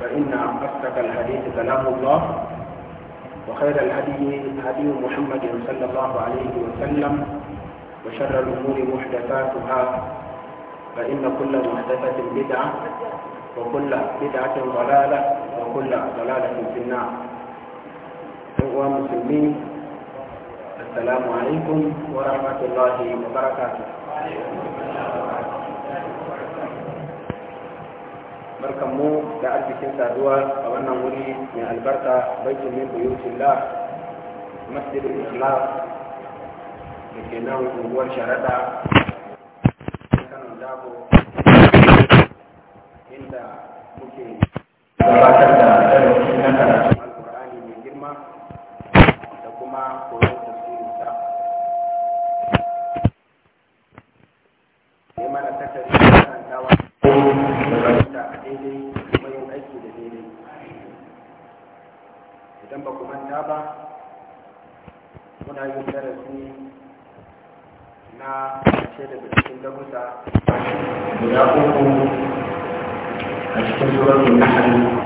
فإن أصدق الحديث كلام الله وخير الهدي هدي محمد صلى الله عليه وسلم وشر الأمور محدثاتها فإن كل محدثة بدعة وكل بدعة ضلالة وكل ضلالة في النار أيها المسلمين السلام عليكم ورحمة الله وبركاته barkan mu da arzikin saduwa a wannan wuri mai albarka baitin min buyutin la masjidul islam da ke nan unguwar sharaɗa kanon dabo inda muke gabatar da darasi na karatun alkur'ani mai girma da kuma koyon tafsirinsa ya mana tattari karantawa daidai kuma yin aiki da daidai idan ba ku manta ba muna yin darasi na ce daga cikin darussa guda uku a cikin suratun nahari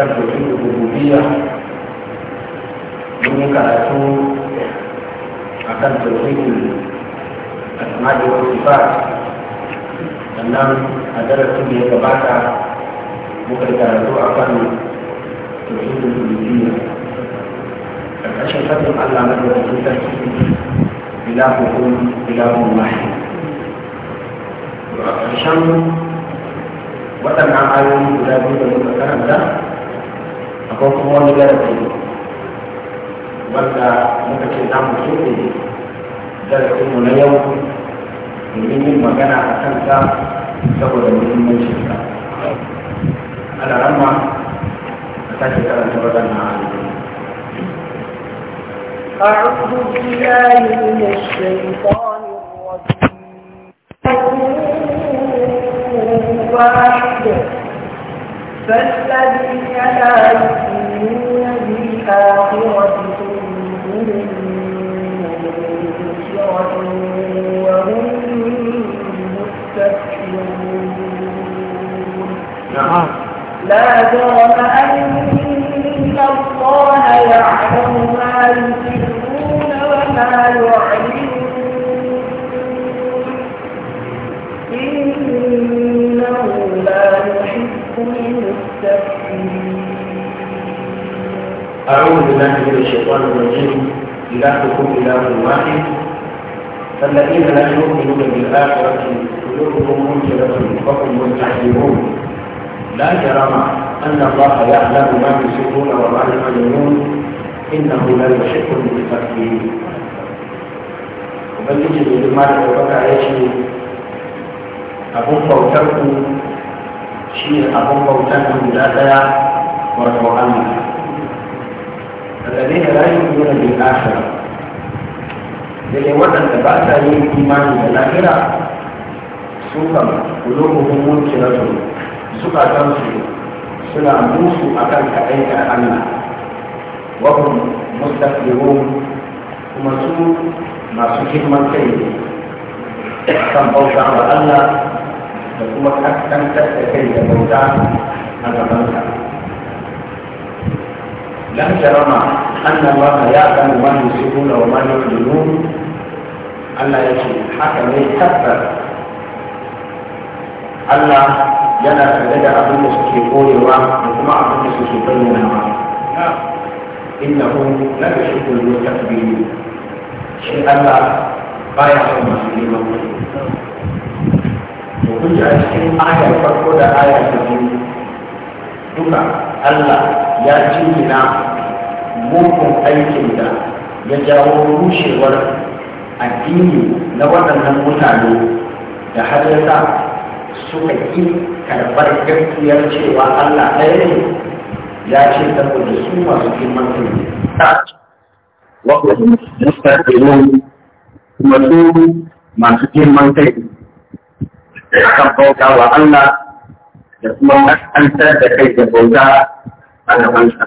kan tauhidin rububiyya mun karatu a kan tauhidin asma'i wa sifat sannan a darasin da ya gabata karatu a kan tauhidin rububiyya ƙarƙashin sabbin Allah na da sun sarki ilahukum ilahun wahid a ƙarshen waɗannan ayoyi guda biyu da a karanta ko kuma wani darasi wanda muka ce za mu keɓe darasin mu na yau domin yin magana a kansa saboda muhimmancin sa ana ma a sake karanta waɗannan ayoyi أعوذ بالله من الشيطان الرجيم واحد فالذين لا يؤمنون الآخرة كلهم منكرة وهم مستكبرون نعم. لا جرم أن الله يعلم ما يسرون وما يعلمون أعوذ بالله من الشيطان الرجيم إلهكم إله واحد فالذين لا يؤمنون بالآخرة قلوبهم منكرة وهم مستحيلون لا جرم أن الله يعلم ما يسرون وما يعلمون إنه لا يشك المتكبرين ubangiji da girma da ɗaukaka ya ce abun bautar ku shi ne abun bautar ku guda ɗaya wato Allah الذين لا يؤمنون بالآخرة لكن وطن تبعت عليهم إيمان بالآخرة سوف قلوبهم منكرة سوف تنسي سنا موسو أكل كأيك أنا وهم مستقبلون كما سو ما سجد من كي كم بوضع الله وكما أكتنت كي بوضع أنا بوضع لا جرم ان الله يعلم ما يسرون وما يعلنون الا يجي حكم يتكبر الا يلا تلقى ابو مسكي قولي وكما ابو مسكي نعم. انه لا يشرك المستكبرين شيء ألا بايع المسلمين وكل شيء اشكي ايه فقط ايه duka Allah ya jingina mugun aikin da ya jawo rushewar addini na waɗannan mutane da har yasa suka yi karɓar gaskiyar cewa Allah ɗaya ne ya ce saboda su masu girman kai ne. Wakilin Mustaqimun kuma su masu girman kai kan bauta wa Allah da kuma kaskantar da kai da bauta a gabansa.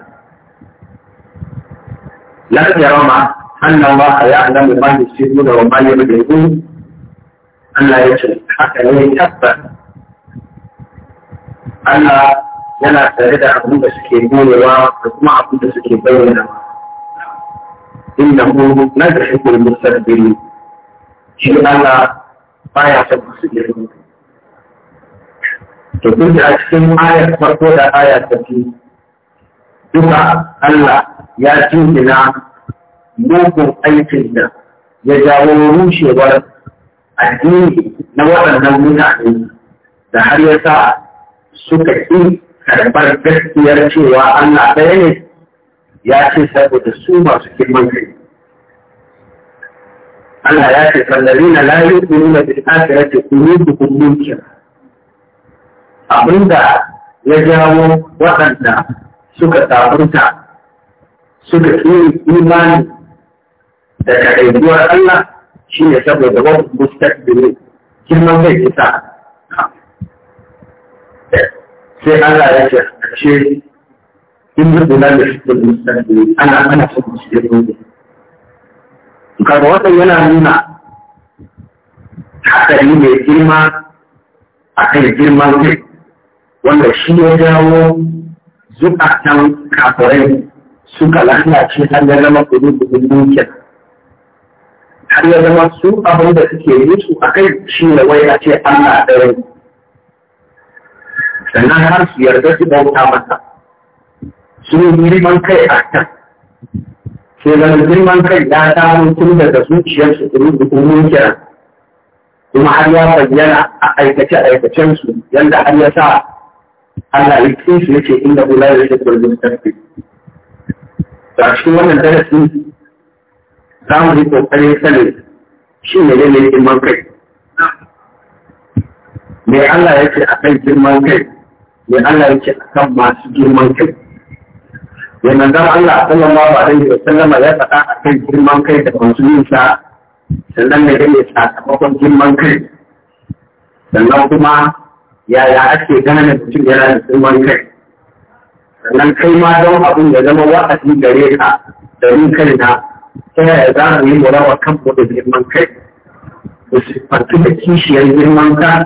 Lan yarama annan ba ya alamu ba da shi da wa bayan da yi Allah ya ce haka ne tabbas Allah yana tare da abin da suke gonewa da kuma abin da suke bayyana. Inna hu na da shi kuma musar biri. Shi Allah baya son su girma. to duk da a cikin ayar farko da aya ta biyu duka Allah ya jingina mugun aikin da ya jawo rushewar addini na waɗannan mutane da har ya sa suka ƙi karɓar gaskiyar cewa Allah ɗaya ne ya ce saboda su masu girman kai. Allah ya ce, "Sallari na layu, kuma da ta kira ce, kuma da kullum kira." abinda ya jawo waɗanda suka tafurta suka ƙi imani da ɗaiɗuwar Allah shi ne saboda wani mustaqbili girman zai kisa. sai Allah ya ce a ce in yi kula da shi da mustaqbili ana ana son musulmi ne kaga wannan yana nuna hatsari mai girma a kan girman zai wanda shi ya jawo zukatan kafirai suka lalace har ya zama kudu kudin dukiya har ya zama su abin da suke yi su a kai shi ne wai a ce Allah ɗaya sannan har su yarda su bauta masa su girman kai a can ke zama girman kai ya samu tun daga zuciyarsu kudu kudin dukiya kuma har ya bayyana a aikace-aikacensu yadda har ya sa Allah ya ce shi yake inda kula da yake gurbin tafi. Da shi wannan darasi za mu yi kokarin sanin shi ne ne girman kai. Me Allah ya ce a kan girman kai, me Allah ya ce a kan masu girman kai. Me manzan Allah sallallahu alaihi wa sallama ya faɗa a kan girman kai da masu yin sa sannan ne ne sakamakon girman kai. Sannan kuma yaya ake gane mutum yana da tsirman kai sannan kai ma don abin da zama wa'azi gare ka da yin kai na ta yaya za mu yi murawa kan mu da girman kai mu siffantu da kishiyar girman ka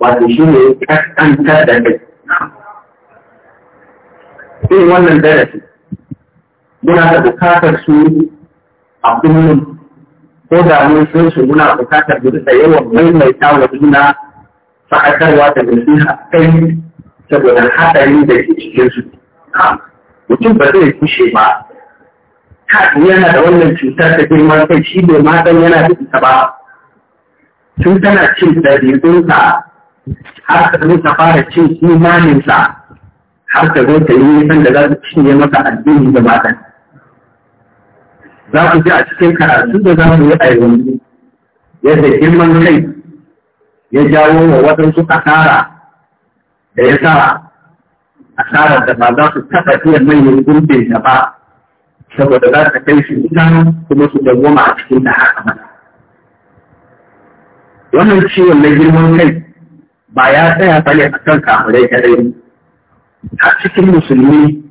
wato shi ne kaskanta da kai irin wannan darasi muna da bukatar su a kullum ko da mun sun su muna bukatar mu da yawan maimaita wa juna fa'adarwa da a kai saboda haɗari da ke cikin su mutum ba zai kushe ba ta yana da wannan cutar ta girman kai shi bai ma dan yana da ita ba tun tana cin ɗabi'unsa har ta zo ta fara cin imaninsa har ta zo ta yi nisan da za ta cinye masa addini da matan za ku ji a cikin karatu da za mu yi a yanzu yadda girman kai ya jawo wa waɗansu asara da ya sa asarar da ba za su taɓa iya manyan gurbin da ba saboda za ta kai su wuta kuma su dawoma a cikin da haka mana. Wannan ciwon na girman kai ba ya tsaya ba ne a kan kamurai kadai. A cikin musulmi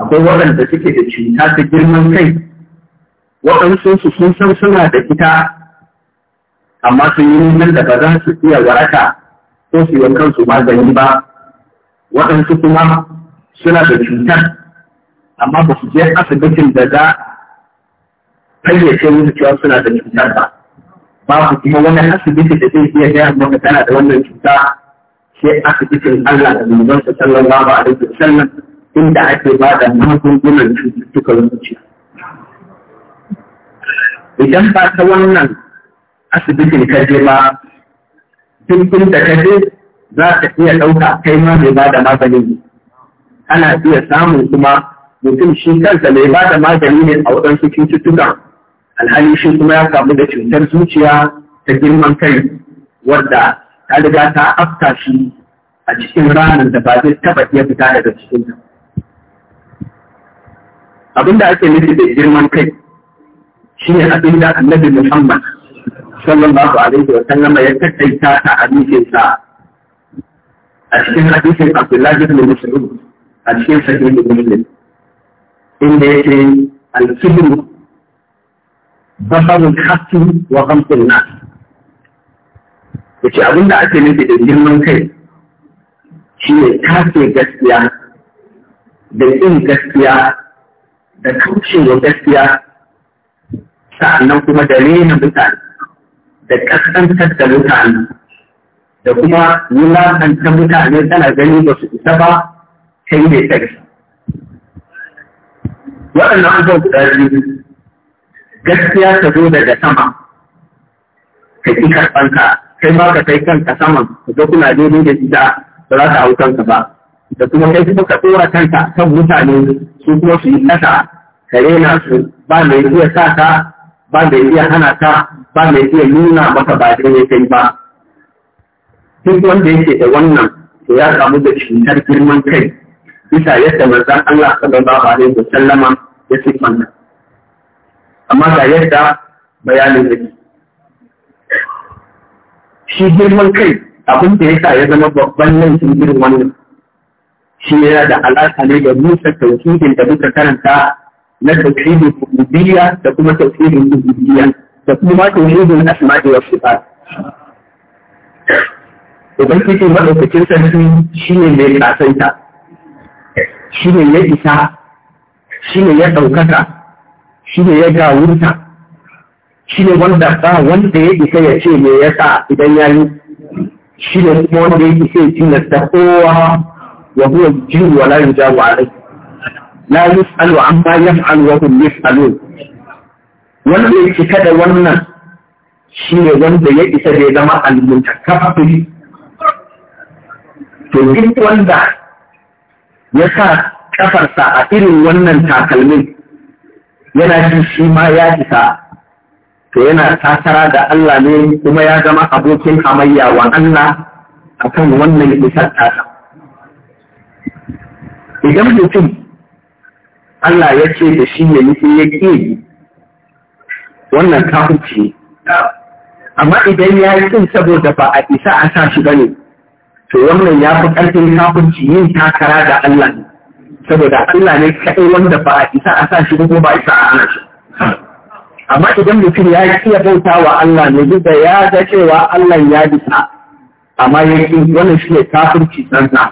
akwai waɗanda suke da cuta ta girman kai waɗansu su sun san suna da ita amma sun yi nan da ba za su iya waraka ko su yi kansu magani ba waɗansu kuma suna da cutar amma ba su je asibitin da za fayyace musu cewa suna da cutar ba Ba ku kuma wani asibiti da zai iya gaya maka tana da wannan cuta sai asibitin Allah da ba a alaihi wasallam inda ake ba da magungunan cututtukan zuciya idan ba ta wannan asibitin ka je ma duk da ka je za ka iya ɗauka kai ma mai ba da magani ana iya samun kuma mutum shi kansa mai ba da magani ne a waɗansu cututtukan alhali shi kuma ya kamu da cutar zuciya ta girman kai wadda ta riga ta afta shi a cikin ranar da ba zai taɓa iya fita daga cikinta. Abin da ake nufi da girman kai shi ne abin da annabi Muhammad sallallahu alaihi wa sallama ya taƙaita ta a sa a cikin hadisin Abdullah ibn Mas'ud a cikin sahihi Muslim inda yake al-kibru babu haqqi wa ghamtun nas yace abin da ake nufi da girman kai shine kafe gaskiya da yin gaskiya da kaucewa gaskiya sa'annan kuma da rena mutane da kaskantar da mutane da kuma wulakanta mutane tana gani ba su isa ba ta yi mai tsarki. Waɗannan abubuwan guda biyu gaskiya ta zo daga sama ka ƙi karɓanka kai ba ka kai kanka saman ka zo kuna daidai da ita ba za ta hau kanka ba da kuma kai kuma ka tsora kanka kan mutane su kuma su yi ƙasa ka rena su ba mai iya sa ka ba mai iya hana ka ba mai iya nuna maka ba dai kai ba duk wanda yake da wannan to ya samu da cutar girman kai bisa yadda mazan Allah sallallahu alaihi sallama ya sifanta amma ga yadda bayanin yake shi girman kai abin da ya sa ya zama babban laifin irin wannan shi yana da alaƙa ne da musa tauhidin da muka karanta na tauhidin kubudiyya da kuma tauhidin ubudiyya da kuma tauhidul wasu wa sifat ubangiji maɗaukacin sarki shine mai kasanta shine ya isa shine ya daukaka shine ya gawurta shine wanda ba wanda ya isa ya ce me yasa idan ya yi shine kuma wanda ya isa ya tilasta kowa wa huwa jiru wa la yujabu alayhi la yus'alu amma yaf'alu wa hum yus'alun wanda ya cika da wannan shi ne wanda ya isa da ya zama al-mutakabbir to duk wanda ya sa kafarsa a irin wannan takalmin yana jin shi ma ya isa to yana tasara da Allah ne kuma ya zama abokin hamayya wa Allah kan wannan isar tasa idan mutum Allah ya ce da shi ne nufi ya ƙi wannan kafirci ne amma idan ya yi kin saboda ba a isa a sa shi bane to wannan ya fi ƙarfin kafirci yin takara da Allah ne saboda Allah ne kaɗai wanda ba a isa a sa shi ko ba a isa a ana shi amma idan mutum ya yi iya bauta wa Allah ne duk da ya ga cewa Allah ya bisa amma ya yi wannan shi ne kafirci tsantsa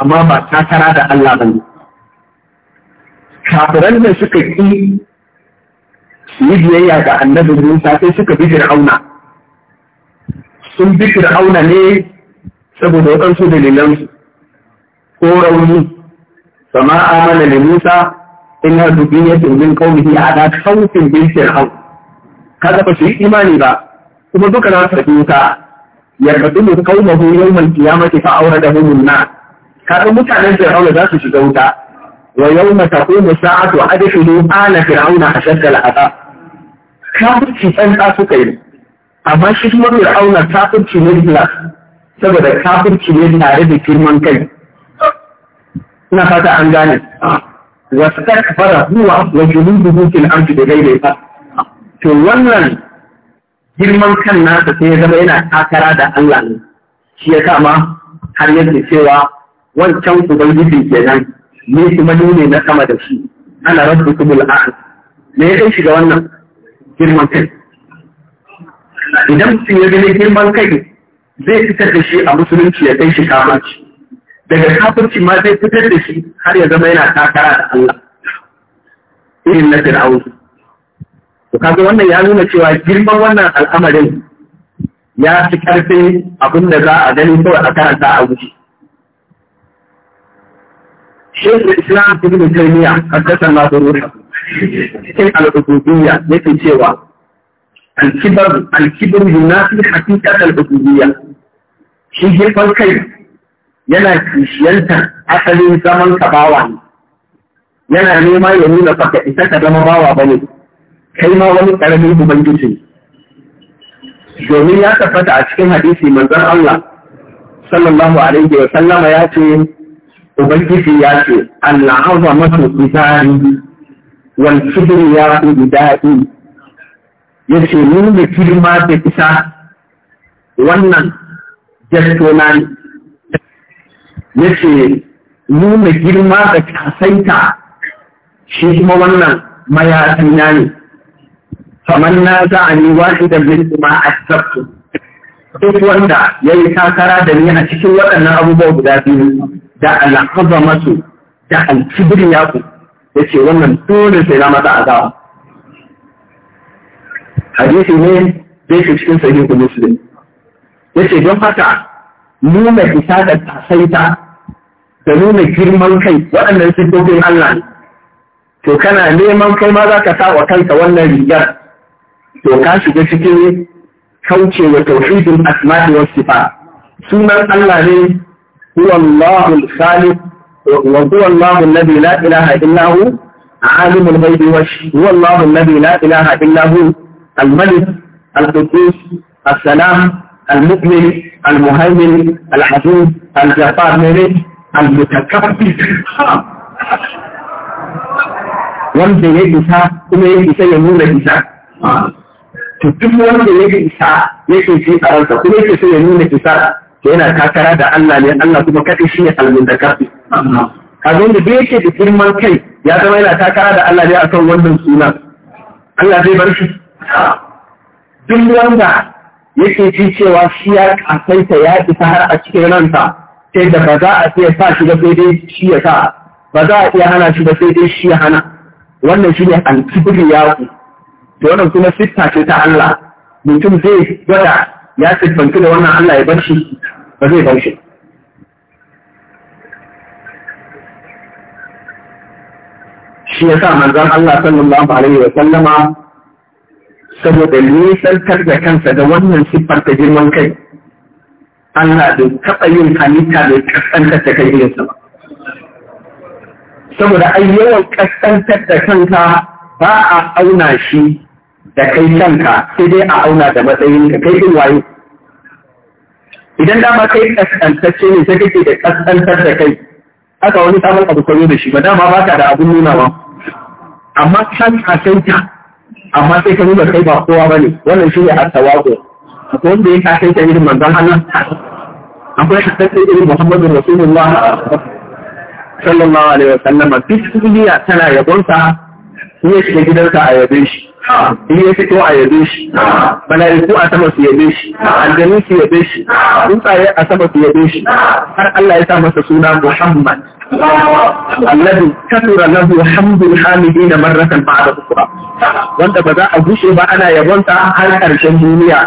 amma ba takara da Allah ba ne kafiran da suka ƙi Mijiyayya ga annabin Musa sai suka bi Fir'auna. Sun bi Fir'auna ne saboda waɗansu dalilansu ko rauni. Sama amana da Musa in har dubi ne domin kaunihi a da kaufin bin Fir'aun. Ka ba su yi imani ba, kuma duka na su Musa. Yarkatu mu kaumahu yawmal qiyamati fa awradahum da nar Ka mutanen Fir'auna za su shiga wuta. ويوم تقوم الساعة أدخلوا آل فرعون أشد العذاب kafirci tsantsa suka yi amma shi kuma auna kafirci ne da saboda kafirci ne tare da girman kai ina fata an gane wa kafara huwa wa juluduhu hukin amfi da ba. to wannan girman kan nasa sai ya zama yana takara da Allah ne shi ya kama har yadda cewa wancan ubangiji kenan ne kuma nune na sama da shi ana rabbukumul a'la me ya kai shiga wannan girman kai idan mutum ya gani girman kai zai fitar da shi a musulunci ya kai shi kafirci daga kafirci ma zai fitar da shi har ya zama yana takara da Allah irin na Fir'aun to kaga wannan ya nuna cewa girman wannan al'amarin ya fi karfin abin da za a gani kawai a karanta a wuce شيخ الإسلام ابن تيمية حدثنا ضروره cikin al'ubudiyya yake cewa alkibar alkibar yunafi hakikat al'ubudiyya shi girman kai yana kishiyanta asalin zaman ka bawa ne yana nema ya nuna baka isa ka zama bawa ba ne kai ma wani karamin ubangiji domin ya tabbata a cikin hadisi manzon Allah sallallahu alaihi wa sallama ya ce ubangiji ya ce Allah azamatu bizari wal ya ku daɗi ya ce nuna girma da isa wannan jasto ne ya ce nuna girma da kasaita shi kuma wannan mayafi ne kamar na za a yi wasu da kuma a sabtu duk wanda ya yi takara da ni a cikin waɗannan abubuwa guda biyu da al'azamatu da al ya ce wannan dole sai na mata azaba hadisi ne zai shi cikin sahihu muslim ya ce don haka nuna isa da tasaita da nuna girman kai waɗannan sun dogon Allah ne to kana neman kai ma za ka sa wa kanka wannan rigar to ka shiga cikin wa tauhidin asma'i was sifa sunan Allah ne huwa Allahul Khaliq وهو الله الذي لا إله إلا هو عالم الغيب والشهادة هو الله الذي لا إله إلا هو الملك القدوس السلام المؤمن المهيمن الحسود الجبار ملك المتكبر wanda ya isa kuma ya isa ya nuna isa to duk wanda ya isa yake shi a ransa kuma yake so ya nuna isa yana takara da Allah ne Allah kuma kaɗai shi ne almundakafi abin da bai yake da girman kai ya zama yana takara da Allah ne akan wannan suna Allah zai bar shi duk wanda yake ji cewa shi ya kasaita ya isa har a cikin ranta sai da ba za a iya sa shi da sai dai shi ya sa ba za a iya hana shi da sai dai shi ya hana wannan shi ne alkibir ya ku to wannan kuma sitta ce ta Allah mutum zai gwada ya siffanci da wannan Allah ya bar shi ba zai bar shi shi ya sa manzan Allah sallallahu alaihi wa sallama saboda nisantar da kansa da wannan siffar ta girman kai Allah bai taɓa yin halitta da ƙasƙantar da kai irinsa ba saboda ai yawan ƙasƙantar da kanka ba a auna shi da kai kanka sai dai a auna da matsayin da kai din waye idan dama kai kaskantacce ne sai kake da kaskantar da kai Aka wani sabon abu koyo da shi ba dama ba ka da abun nuna ba amma kan ta. amma sai ka nuna kai ba kowa ba ne wannan shi ne a tawako akwai wanda ya kasanta irin manzon Allah akwai kasanta irin Muhammadu Rasulullah sallallahu alaihi wasallam duk duniya tana yabonsa sai ya shiga gidansa a yabe shi in ya fito a yabe shi mala'iku a sama su yabe shi aljanu su yabe shi tsuntsaye a sama su yabe shi har Allah ya sa masa suna Muhammad alladhi kathura lahu hamdul hamidin marratan ba'da ukhra wanda ba za a gushe ba ana yabonta har karshen duniya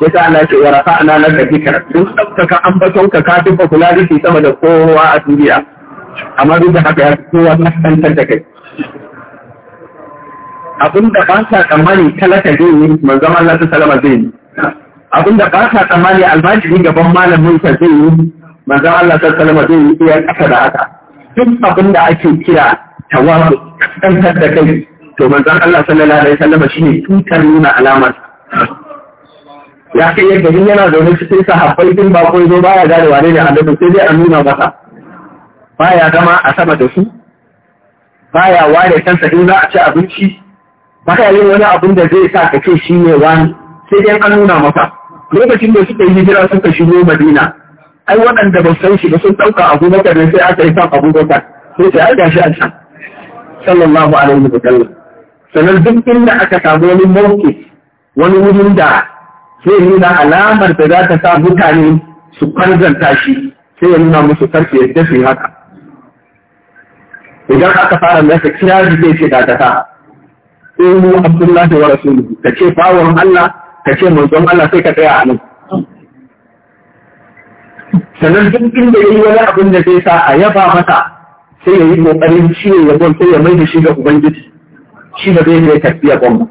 sai ta Allah ce wa rafa'na laka dhikra duk ka ambaton ka ka tuba kula sama da kowa a duniya amma duk da haka ya kowa na kantar da kai abin da ba sa tsammani talaka zai yi manzon Allah ta salama zai yi abin da ba sa tsammani almajiri gaban malamin sa zai yi manzon Allah ta salama zai yi iya kasa da haka duk abin da ake kira tawazu kantar da kai to manzon Allah sallallahu alaihi wasallam shine tutar nuna alamar ya kai yadda in yana zaune cikin sahabbai din ba ko zo baya gane wane ne annabi sai dai a nuna masa baya zama a sama da su baya ware kansa in za a ci abinci ba ka wani abin da zai sa ka ce shi ne wani sai dai an nuna maka lokacin da suka yi hijira suka shigo madina ai waɗanda ba san shi ba sun ɗauka maka ne sai aka yi kan abubakar sai sai ai gashi a can sallallahu alaihi wa sallam sanar duk inda aka samu wani mawki wani wurin da zai nuna alamar da za ta sa mutane su kwarzanta shi sai ya nuna musu karfe yadda su yi haka idan aka fara nasa kira zai ce dakata mu abdullahi wa rasuluhu kace bawon Allah kace manzon Allah sai ka tsaya a nan sannan duk inda yayi wani abin da zai sa a yaba masa sai yayi kokarin ciwo ya gon sai ya mai da shi ga ubangiji shi da zai yi tafiya gon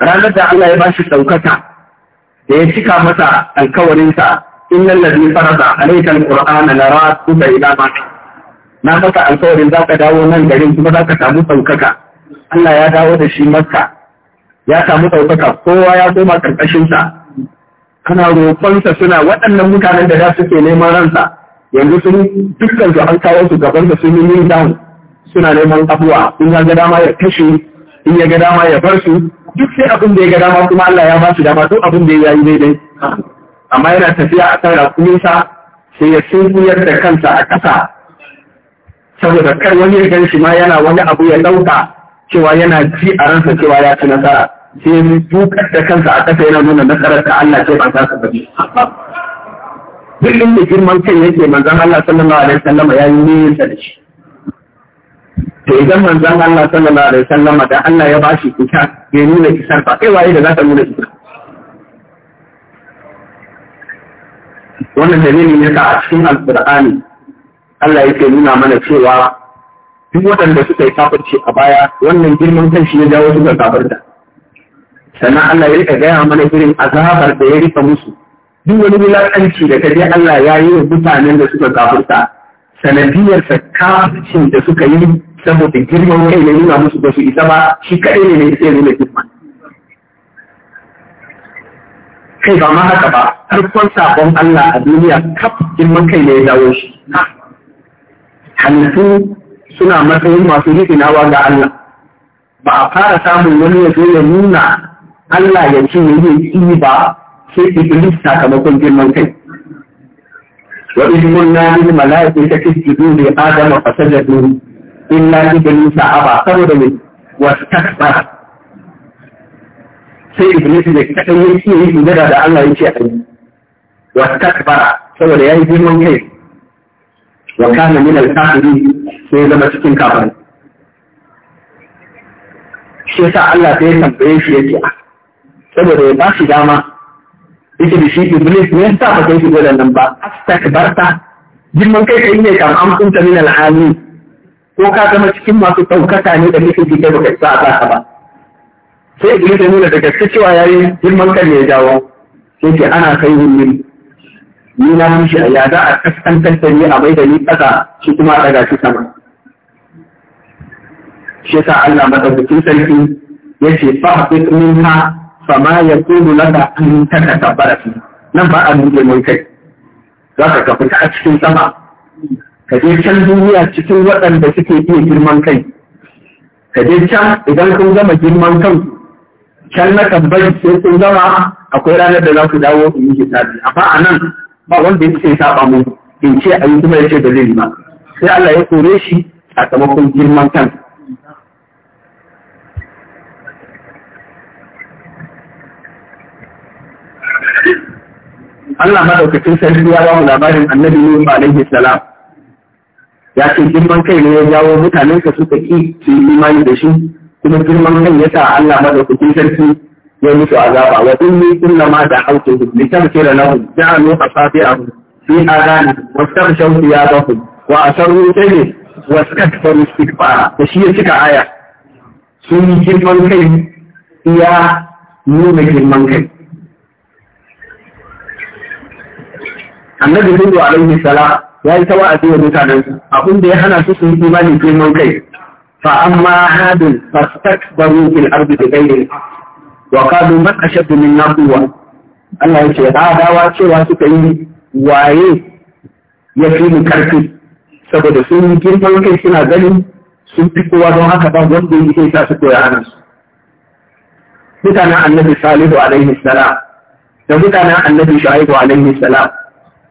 ranar da Allah ya bashi shi da ya cika masa alkawarinsa innal ladhi farada alayka alqur'ana laratuka ila ma na maka alkawarin zaka dawo nan garin kuma zaka samu saukaka Allah ya dawo da shi makka ya samu ɗaukaka kowa ya koma ƙarƙashinsa kana roƙonsa suna waɗannan mutanen da za su ke neman ransa yanzu sun dukkan su an kawo su gaban da sun yi down suna neman abuwa in ya ga dama ya kashe in ya ga dama ya bar su duk sai abin da ya ga dama kuma Allah ya ba su dama duk abin da ya yi daidai amma yana tafiya a kan rakuminsa sai ya sunkuyar da kansa a ƙasa saboda kar wani ya gan shi ma yana wani abu ya ɗauka cewa yana ji a ransa cewa ya ci nasara sai ya dukar da kansa a ƙasa yana nuna nasarar ta Allah ce ba ta su bace duk inda girman kai yake manzon Allah sallallahu alaihi wasallam ya yi nisa da shi to idan manzon Allah sallallahu alaihi wasallam da Allah ya bashi kuka ya nuna kisar fa kai waye da za ka nuna kisar wannan dalilin yasa a cikin alqur'ani Allah yake nuna mana cewa duk waɗanda suka yi kafirci a baya wannan girman kan shi ya jawo suka kafirta sannan Allah ya rika gaya mana irin azabar da ya rika musu duk wani wulaƙanci da kaje Allah ya yi wa mutanen da suka kafirta sanadiyar kafircin da suka yi saboda girman kai ne nuna musu ba su isa ba shi kaɗai ne ne sai nuna girman kai ba ma haka ba farkon sabon Allah a duniya kaf girman kai ne ya dawo shi halittu suna matsayin masu rikinawa ga Allah ba a fara samun wani ya zo ya nuna Allah ya ce ya yi ƙi ba sai iblis sakamakon girman kai wa in munna In na tasjudu li adama fasajadu illa iblis da saboda Wasu wastakbara sai iblis da kadan ya yi sujada da Allah ya ce a yi. Wasu wastakbara saboda ya yi girman kai wa kana min al-kafirin sai zama cikin kafin shi sa Allah sai ya tambaye shi yake a ah, saboda ya ba shi dama yake da shi iblis ne ya sa kai shi nan ba barta, girman kai kai ne kam an kunta min al'ami ko ka zama cikin masu ɗaukaka ne da nufin ji kai baka sa ka ba sai iblis ya nuna da gaske cewa yayi girman kai ne ya jawo sai ke ana kai min ni na mishi a ya a kaskan da ni a mai da ni ƙasa shi kuma a ɗaga shi sama shi yasa Allah madaukakin sarki yace fahbit minha fama yakunu laka an tabbara fi nan ba a nuna mai kai za ka ka fita a cikin sama ka je can duniya cikin waɗanda suke iya girman kai ka je can idan kun gama girman kan can na kan sai kun gama akwai ranar da za ku dawo ku yi hisabi amma a nan ba wanda ya ya saba mu in ce a yi kuma ya ce da zai ba sai Allah ya kore shi a sakamakon girman kan Allah daukacin sarki ya ba mu labarin annabi Nuhu alaihi salam ya ce girman kai ne ya jawo mutanen ka suka ki su imani da shi kuma girman kan ya sa Allah daukacin sarki ya mutu azaba wa inni kullama da autuhu li tafsira lahum ja'alu asabi'ahum fi adani wastaghshaw thiyabahum wa asarru tayyib wastakbaru istikbara da shi ya cika aya sun yi girman kai ya nuna girman kai annabi hudu alaihi salam ya yi tawa a cikin mutanen abin da ya hana su su yi imanin girman kai fa amma hadin fastakbaru fil ardi bi ghairi wa kadu man ashaddu minna quwwa Allah Da adawa cewa suka yi waye ya fi mu karfi saboda sun yi girman kai suna ganin sun fi kowa don haka ba wanda yake sa su koya ana su mutanen annabi salihu alaihi salam da mutanen annabi shu'aibu alaihi salam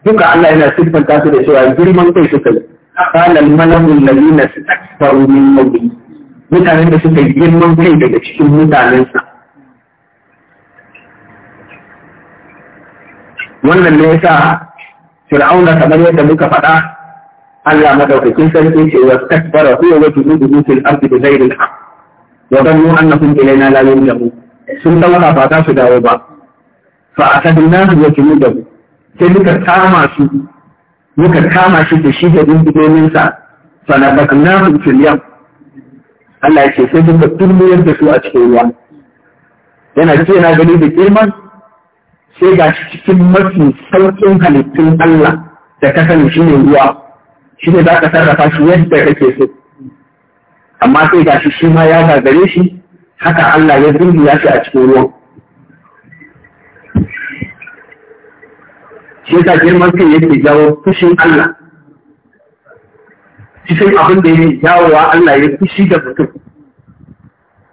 duka Allah yana siffanta su da cewa girman kai suka yi qala al-malaku alladhina istakbaru min qawmi mutanen da suka yi girman kai daga cikin mutanensa wannan ne yasa da kamar yadda muka faɗa Allah madaukakin sarki ce wa takbara huwa wa bi fil ardi bi ghairi al-haq wa dannu annakum ilayna la yurjamu sun dauka ba ta su dawo ba fa atadna wa tududu sai muka kama su muka kama shi da shi da dindigomin sa fa nabaknahu fil yam Allah ya ce sai muka turmiyar da su a cikin ruwa yana ce na gani da girman sai ga shi cikin mafi sauƙin halittun Allah da ka sani shi ne ruwa shi ne za ka sarrafa shi yadda kake so amma sai ga shi shi ma ya gagare shi haka Allah ya ya shi a cikin ruwan shi yasa girman kai yake jawo fushin Allah cikin abin da jawo jawowa Allah ya fushi da mutum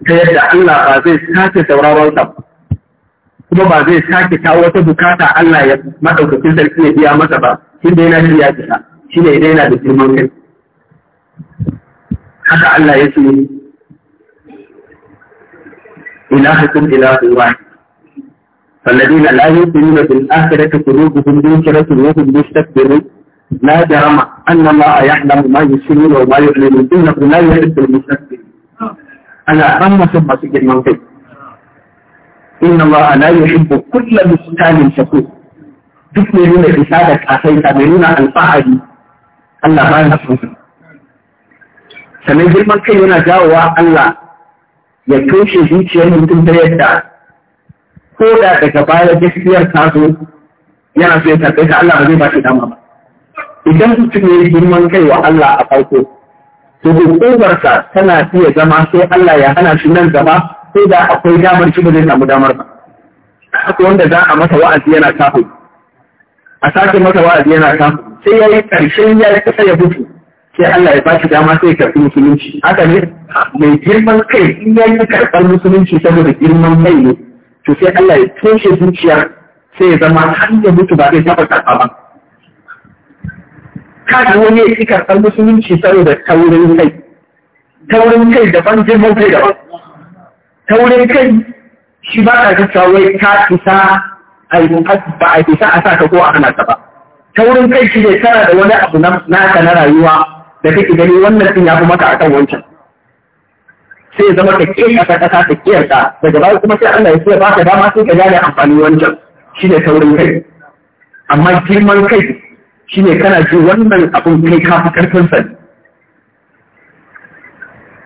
ta yadda Allah ba zai sace sauraron sa ba kuma ba zai sake kawo wata bukata Allah ya madaukakin sarki ya biya masa ba shi dai na shirya kisa shi ne dai na da girman kai haka Allah ya ce ilahukum ilahu wahid فالذين لا يؤمنون بالآخرة قلوبهم منكرة وهم مستكبرون لا جرم أن الله يعلم ما يسرون وما يعلنون إنه لا يحب المستكبرين أنا أما ثم سجن من فيه inna allaha la yuhibbu kulla mukhtalin shakur duk mai nuna isa da kasaita mai nuna alfahari Allah ba ya so sannan girman kai yana jawowa Allah ya toshe zuciyar mutum ta yadda ko da daga baya gaskiyar ta yana Allah ba shi ba idan mutum ya yi girman kai wa Allah a farko to hukumarsa tana iya zama sai Allah ya hana shi nan gaba Sai da akwai damar shi ba zai samu damar ba akwai wanda za a masa wa'azi yana tafi a sake masa wa'azi yana tafi sai ya yi ƙarshen ya yi kasa ya mutu sai Allah ya bashi dama sai ya karɓi musulunci haka ne mai girman kai in ya yi karɓar musulunci saboda girman mai ne to sai Allah ya toshe zuciya sai ya zama har ya mutu ba zai taɓa karɓa ba kada wani ya yi karɓar musulunci saboda taurin kai taurin kai daban girman kai daban taurin kai shi ba ka cewa wai ka isa a ba a isa a sa ko a hana ka ba taurin kai shi ne tana da wani abu na naka na rayuwa da kake gani wannan din ya fi maka akan wancan sai zama ka ke a kasa ka kiyarta daga baya kuma sai Allah ya ce ba ka dama sai ka gane amfani wancan shi ne taurin kai amma girman kai shi ne kana ji wannan abin kai ka fi karfin sani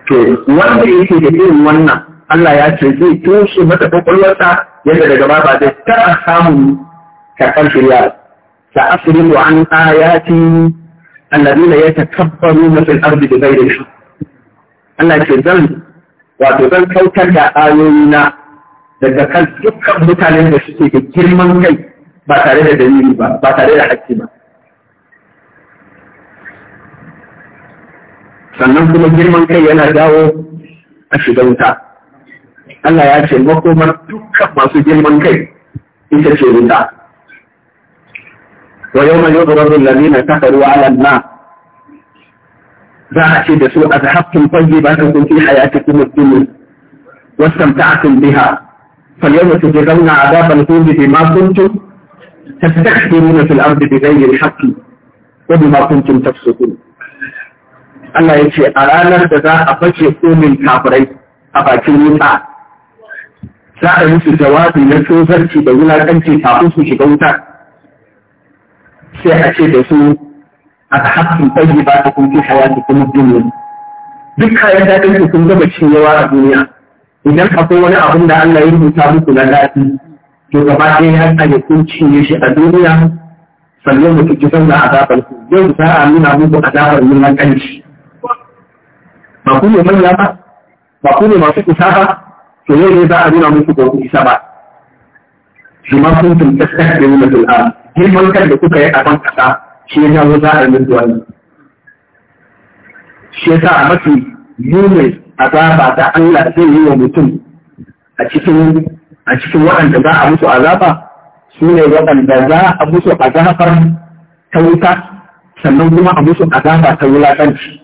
to wanda yake da irin wannan Allah ya ce zai toshe mata kwakwalwarta yadda daga ba ba zai taɓa samun karɓar shirya sa asirin wa an ayati annabina ya takabbaru mafi arzi da bai da shi Allah ce zan wato zan kautar da ayoyina daga kan dukkan mutanen da suke da girman kai ba tare da dalili ba ba tare da hakki ba sannan kuma girman kai yana dawo a shiga wuta Allah ya ce makomar dukkan masu girman kai ita ce wuta wa yawma yudradu alladhina kafaru ala an-nar za a ce da su a tayyibatakum fi hayatikum ad-dunya wastamta'tum biha Ta تجزون عذاب الهون بما كنتم zai في الارض بغير الحق وبما كنتم تفسقون Allah ya ce a ranar da za a fashe komin kafirai a bakin wuta za a musu jawabi na tozarci da wulaƙanci kafin su shiga wuta sai a ce da su a haƙƙin ɗaji ba ta kunci hawa da kuma duniya duk kayan daɗin su sun gaba cinyewa a duniya idan akwai wani abin da Allah ya rubuta muku na daɗi to gaba ɗaya ya tsaye kun cinye shi a duniya sannan mutu ki san azabar ku yau za a nuna muku azabar wulaƙanci ba ku ne manya ba ba ku ne masu kusa ba to yau ne za a nuna muku ko ku isa ba shi ma kun tun tsakar da wani zul'a girman kan da kuka yi a ban kasa shi ya zo za a yi mutuwa ne shi ya sa a mafi yumin azaba da Allah zai yi wa mutum a cikin a cikin waɗanda za a musu azaba su ne waɗanda za a musu azabar ta wuta sannan kuma a musu azaba ta wulaƙanci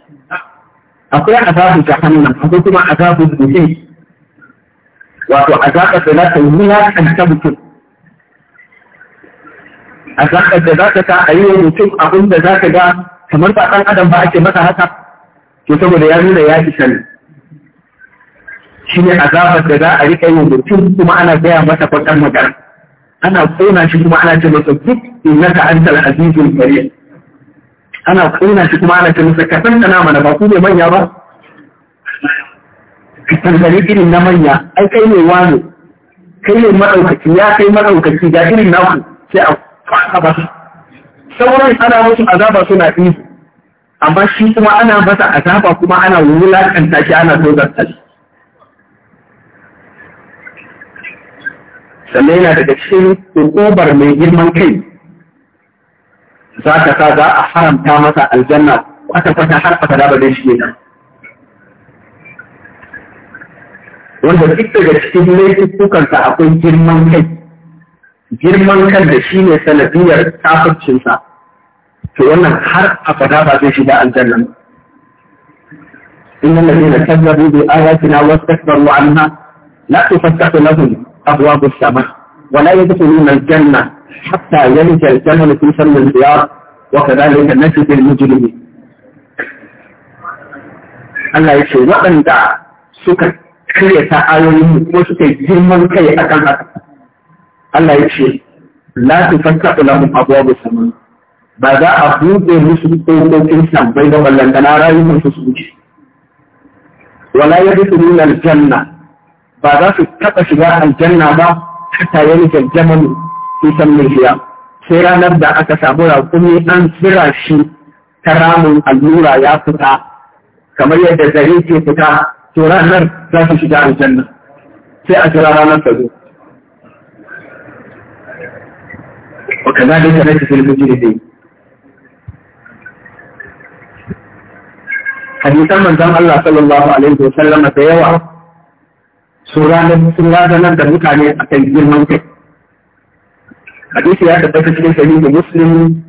akwai azabun jahannam akwai kuma azabun mutum wato azabar da za ta mutum? mutum azabar da za ta ta a yi wa mutum abin da za ka ga kamar ba ɗan adam ba ake masa haka to saboda ya nuna ya fi sani shi ne azabar da za a riƙa yi wa mutum kuma ana gaya masa kwatan magana ana ƙona shi kuma ana ce masa duk innaka tala azizun karim ana ƙona shi kuma ana ce masa ka tantana mana ba ku ne manya ba ka tangare irin na manya ai kai ne wani kai ne maɗaukaci ya kai maɗaukaci ga irin naku sai a fasa ba sauran ana musu azaba suna ihu amma shi kuma ana masa azaba kuma ana wulakanta shi ana tozarta shi sannan yana daga cikin ukubar mai girman kai za ka sa za a haramta masa aljanna kwata-kwata har a ba dai shi ne nan wanda duk daga cikin laifukansa akwai girman kai girman kan da shi ne sanadiyar kafircinsa to wannan har abada ba zai shiga aljanna ba إن الذين كذبوا بآياتنا واستكبروا عنها لا تفتح لهم أبواب السماء ولا يدخلون الجنة حتى يلج الجمل في سم الخيار وكذلك نجد المجرمين. Allah ya waɗanda suka karya ta ayoyin mu kuma suka yi girman kai a kan haka Allah ya ce la su fakkatu lahum abwabu abuwa ba za a buɗe musu kokokin sabai da na rayuwar su su wuce wala nuna aljanna ba za su taɓa shiga aljanna ba hatta da jajjaman su san mai sai ranar da aka samu raƙumi an tsira shi ta ramin allura ya fita kamar yadda zare ke fita تنهر لا تمشي داخل الجنة فئة لها منفذ وكذلك ليس في المجردين حديثا من دام الله صلى الله عليه وسلم سيوعى سورة المسلمة لم تبوت عليه التنزيل منطق حديث يا تبقى في سبيل مسلم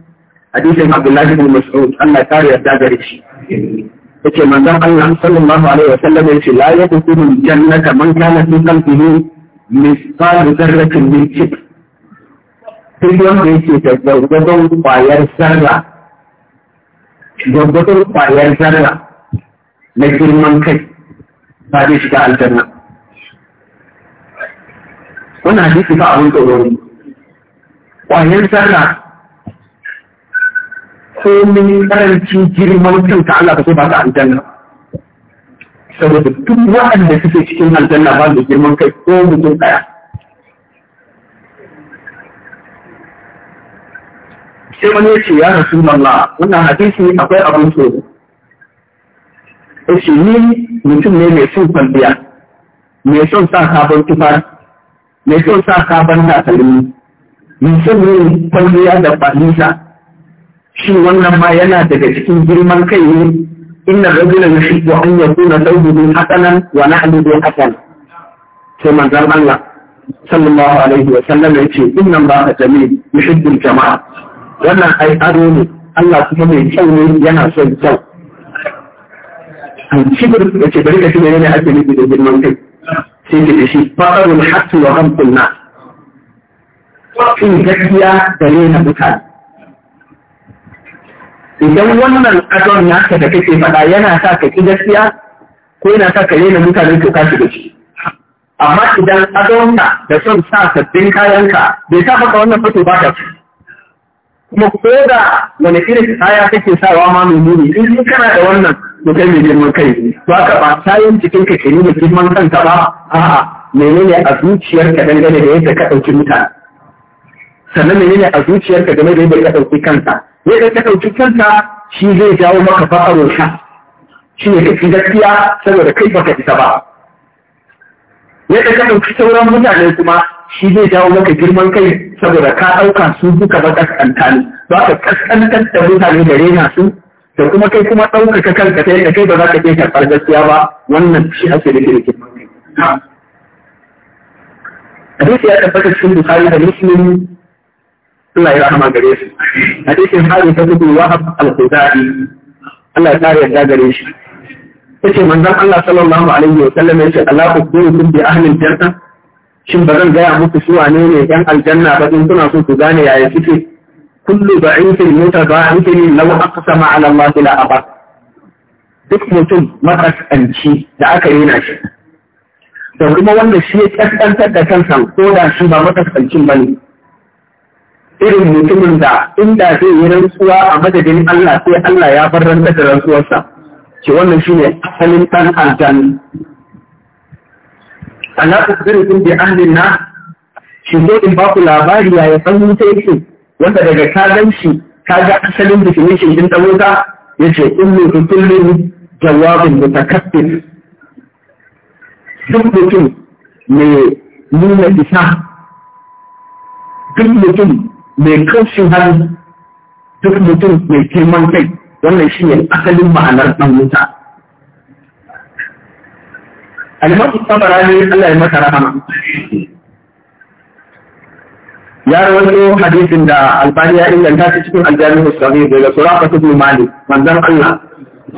حديث عبد الله بن مسعود الله تاري أبدا ذلك yake manzon Allah sallallahu alaihi wasallam yace la yadkhulu jannata man kana fi qalbihi misqal dharratin min shirk duk wanda yake da gwargwadon kwayar sarra gwargwadon kwayar sarra na girman kai ba zai shiga aljanna wannan hadisi ba abin tsoro ne kwayar sarra komin karancin girman ta Allah ka so ba ka aljanna saboda duk waɗanda suke cikin aljanna ba da girman kai ko mutum ɗaya sai wani ya ce ya rasu malla wannan hadisi akwai abin tsoro yace ni mutum ne mai son kwalliya mai son sa sabon tufa mai son sa sabon takalmi mai son yin kwalliya da balisa shi wannan ma yana daga cikin girman kai ne inna rajula yuhibbu an yakuna thawbuhu hasanan wa nahluhu hasan sai manzon Allah sallallahu alaihi wa sallam yace inna allaha jamil yuhibbu al-jama'a wannan ai ado ne Allah kuma mai kyau ne yana son kyau an shibir da ce bari ka shi ne ake nufi da girman kai sai ke shi fa'arul haqqi wa ghamtun nas shin gaskiya da rena mutane idan wannan adon ka da kake faɗa yana sa ka ki gaskiya ko yana sa ka rena mutane to ka shiga ciki amma idan ka da son sa sabbin kayanka bai sa maka wannan fito ba ka kuma ko da wani irin kaya kake sawa ma mai muni in kana da wannan to kai mai girman kai to aka ba kayan cikin ka ke nuna girman kanka ba a'a menene a zuciyarka dangane da yadda ka ɗauki mutane sannan menene a zuciyarka game da yadda ka ɗauki kanka yadda ka ɗauki kanka shi zai jawo maka fa'aro sha shi ne kake gaskiya saboda kai baka isa ba yadda ka ɗauki sauran mutane kuma shi zai jawo maka girman kai saboda ka ɗauka su duka ba ƙasƙanta ne ba ka ƙasƙantar da mutane da rena su da kuma kai kuma ɗaukaka kanka ta yadda kai ba za ka je karɓar gaskiya ba wannan shi ake da girman kai. Hadisi ya tabbata cikin bukari da Muslim Allah ya rahama gare A hadisin hali ta gudu wahab al-khuzai Allah ya kare yadda gare shi yace manzon Allah sallallahu alaihi wa sallam yace Allah ku ku kun bi ahlin janna shin ba zan gaya muku su wane ne yan aljanna ba in kuna so ku gane yaya suke kullu da'ifin mutaba'ifin law aqsama ala Allah la aba duk mutum makaskanci da aka yi na shi da kuma wanda shi ya kaskantar da kansa ko da shi ba ba ne? irin mutumin da inda zai yi rantsuwa a madadin Allah sai Allah ya bar ranta da rantsuwarsa ki wannan shine asalin dan aljanna Allah ta zira kun bi ahlin na shi zo in ku labari ya ya san wuta yake wanda daga ka gan shi ta ga asalin definition din dan wuta yace kullu kullun jawabin mutakabbir duk mutum mai nuna isa duk mutum mai kaushin hannu duk mutum mai girman kai wannan shi ne asalin ma'anar ɗan wuta alimatu sabara ne Allah ya masa rahama ya rawaito hadisin da albani ya inganta shi cikin aljami'u da daga surafa ibn Mali, manzan Allah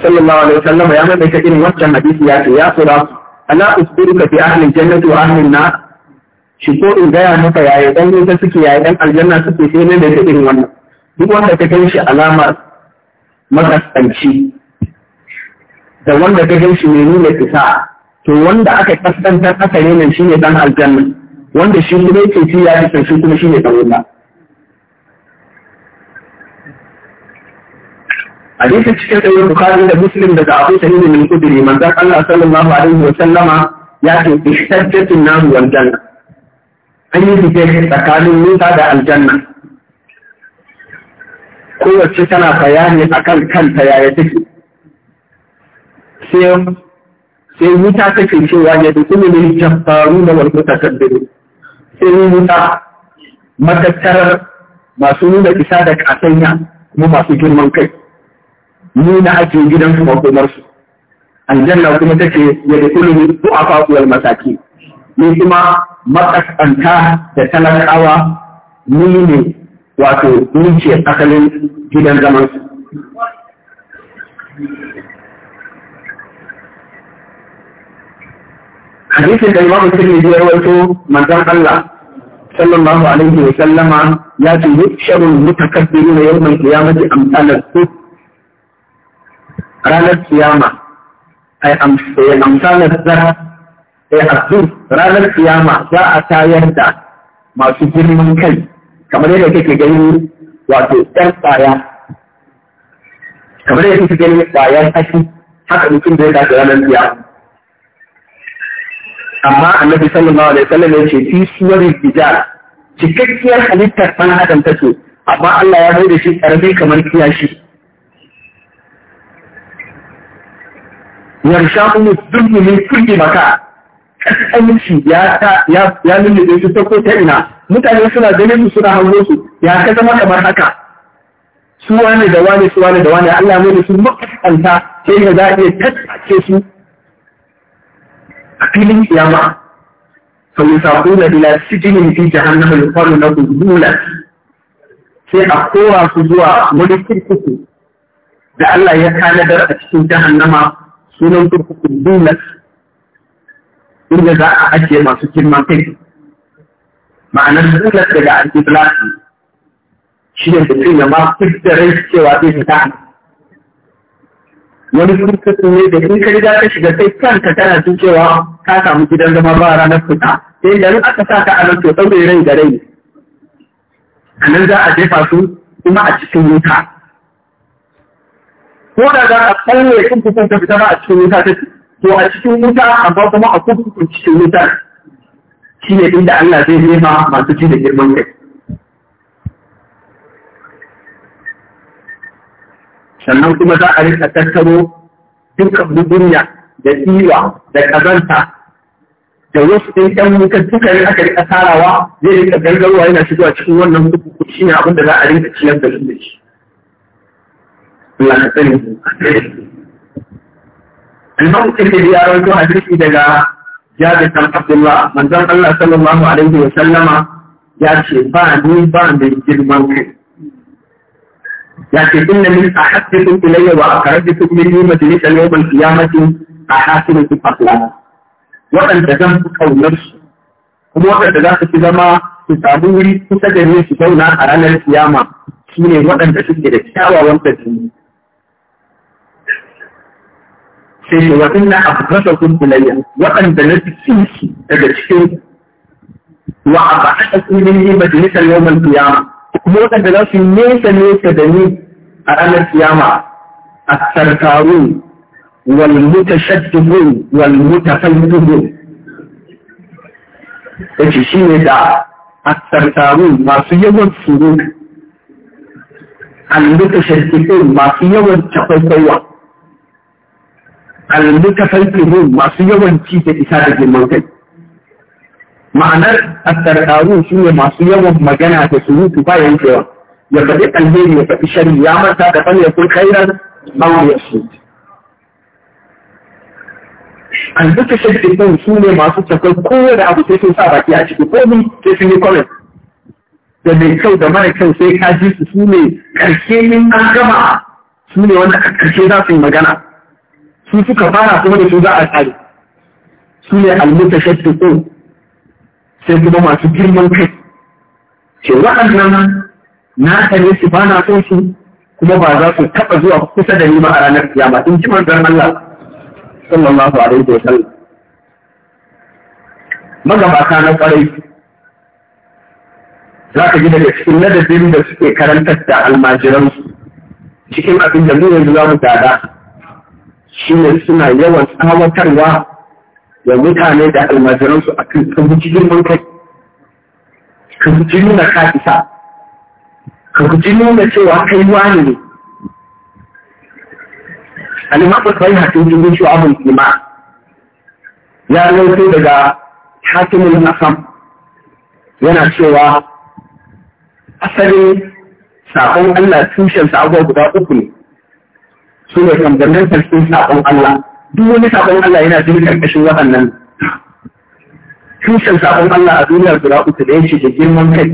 sallallahu alaihi wasallam ya mai irin wancan hadisi ya ce ya sura Usbiru ka fi ahalin jannatu ahalin na. shi ko in gaya maka yaya dan wuta suke yaya dan aljanna suke sai ne da irin wannan duk wanda ka gan shi alama makasanci da wanda ka gan shi mai nuna isa to wanda aka kasantar aka ne shi ne dan aljanna wanda shi kuma yake ci ya fi shi kuma shi ne dan wuta hadisin cikin sayyid bukhari da muslim daga abu sa'id min kudri manzon Allah sallallahu alaihi wa sallama ya ce ishtaddatun nahu wal janna an yi fice tsakanin nisa da aljanna kowace tana bayani akan kanta yaya take sai sai wuta take cewa ya duk ne jabbaru da wani sai wuta matattarar masu nuna isa da kasanya kuma masu girman kai nuna ake gidan su makomar aljanna kuma take ya duk ne a wal masakin ni kuma makaskanta da talakawa ni ne wato ni ce asalin gidan zaman su. Hadisin da Imam Tirmidhi ya rawaito manzon Allah sallallahu alaihi wa sallama ya ce yusharul mutakabbiruna yawmal qiyamati amsalan ranar kiyama ay eh, amsalan zara eh abdul ranar kiyama za a tayar da masu girman kai kamar yadda kake gani wato ɗan tsaya. kamar yadda kake gani ƙwayar kashi haka mutum zai tashi ranar kiyama amma annabi sallallahu alaihi wasallam ya ce fi suwarin hijab cikakkiyar halittar ɗan adam take amma Allah ya da shi ƙarfi kamar kiyashi yarsha umu dukkan min kulli maka aminci ya lullube su ta ko ta ina mutane suna ganin su suna hango su ya ka zama kamar haka su wane da wane su wane da wane Allah mai da su makasanta sai ka za a iya tattace su a filin kiyama fa yusaquna ila sijinin fi jahannama yuqalu na dhula sai a kora su zuwa wani kurkuku da Allah ya tanadar a cikin jahannama sunan kurkukun dunan. inda za a ajiye masu girman kai ma'anar zunar daga antiblasi shi ne mutum ya ma da rai cewa zai fita wani kasu ne da in ka riga ka shiga sai kanka tana jin cewa ka samu gidan zama ba ranar fita sai da aka sa ka a nan to ɗaure rai da rai a nan za a jefa su kuma a cikin wuta ko da za a tsaye kun kusan ta fita ba a cikin wuta take to a cikin wuta amma kuma a kurkukun cikin wuta shi ne inda Allah zai nema masu ji da girman kai. Sannan kuma za a rika tattaro dukkan duniya da tsiwa da kazanta da wasu ɗin ɗan wuta suka yi aka rika tarawa zai rika gangarwa yana shigowa cikin wannan kurkuku shi ne abin da za a rika ciyar da su da shi. Allah ka tsari. Imam Tirmidhi ya rawaito hadisi daga Jabir bin Abdullah manzon Allah sallallahu alaihi wa sallama ya ce ba ni ba mai girman kai. Ya ce inna min ahadithu ilayya wa akrabitu min majlis al-yawm al-qiyamati ahasibu fi Waɗanda zan fi su kuma waɗanda za su fi zama su samu wuri kusa da ni zauna a ranar kiyama shine waɗanda suke da kyawawan ɗabi'u sai shi waɗanda a fasa kun kulayya waɗanda na cikin shi daga cikin wa a ba a tsinin ne ba jinisa yawon kiyama kuma waɗanda za su yi nesa nesa da ni a ranar kiyama a sarkaru wal mutashaddidu wal mutafayyidu yace shi ne da asartaru masu yawan tsoro al mutashaddidu masu yawan takwaikwaiwa al-mutafakkirun masu yawan ci da isa da girman kai ma'anar at-tarqaru shine masu yawan magana da surutu ba yankewa ya faɗi alheri ya faɗi shari ya mata da fanya kun kairan aure su an duka shaɗi ɗin su ne masu takwai kowane abu sai sun sa baki a ciki ko sai sun yi kwamen da mai kyau da mara kyau sai ka ji su su ne ƙarshe min an gama su ne wanda a za su yi magana su suka fara kuma da su za a tsari su ne ko sai kuma masu girman kai ce waɗannan na tare su ba na so su kuma ba za su taɓa zuwa kusa da ni ba a ranar kiyama in ji manzon Allah sallallahu alaihi wa magabata na kwarai za ka ji daga cikin ladabin da suke karantar da almajiransu cikin abin da mu yanzu za mu gada shi ne suna yawan tsawatarwa da mutane da almajiransu a kan kan guji girman kai ka guji nuna kafisa ka guji nuna cewa kai wani ne Alimakon kai hatin jirgin shi abin kima ya lauto daga hakimin nasam yana cewa asalin sakon Allah tushen sa guda uku ne su ne kambannin sarkin saƙon Allah duk wani saƙon Allah yana jin ƙarƙashin waɗannan tushen saƙon Allah a duniyar guda uku da yake da girman kai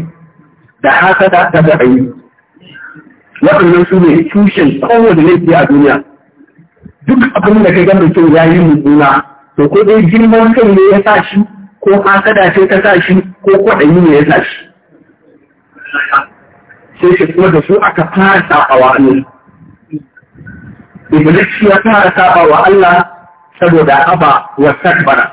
da haka da yi. waɗannan su ne tushen kowane laifi a duniya duk abin da ka ga mutum ya yi mummuna to ko dai girman kai ne ya sa shi ko hasada ce ta sa shi ko kwaɗayi ne ya sa shi sai shi kuma da su aka fara a Allah iblis shi ya fara saba wa Allah saboda aba wa takbara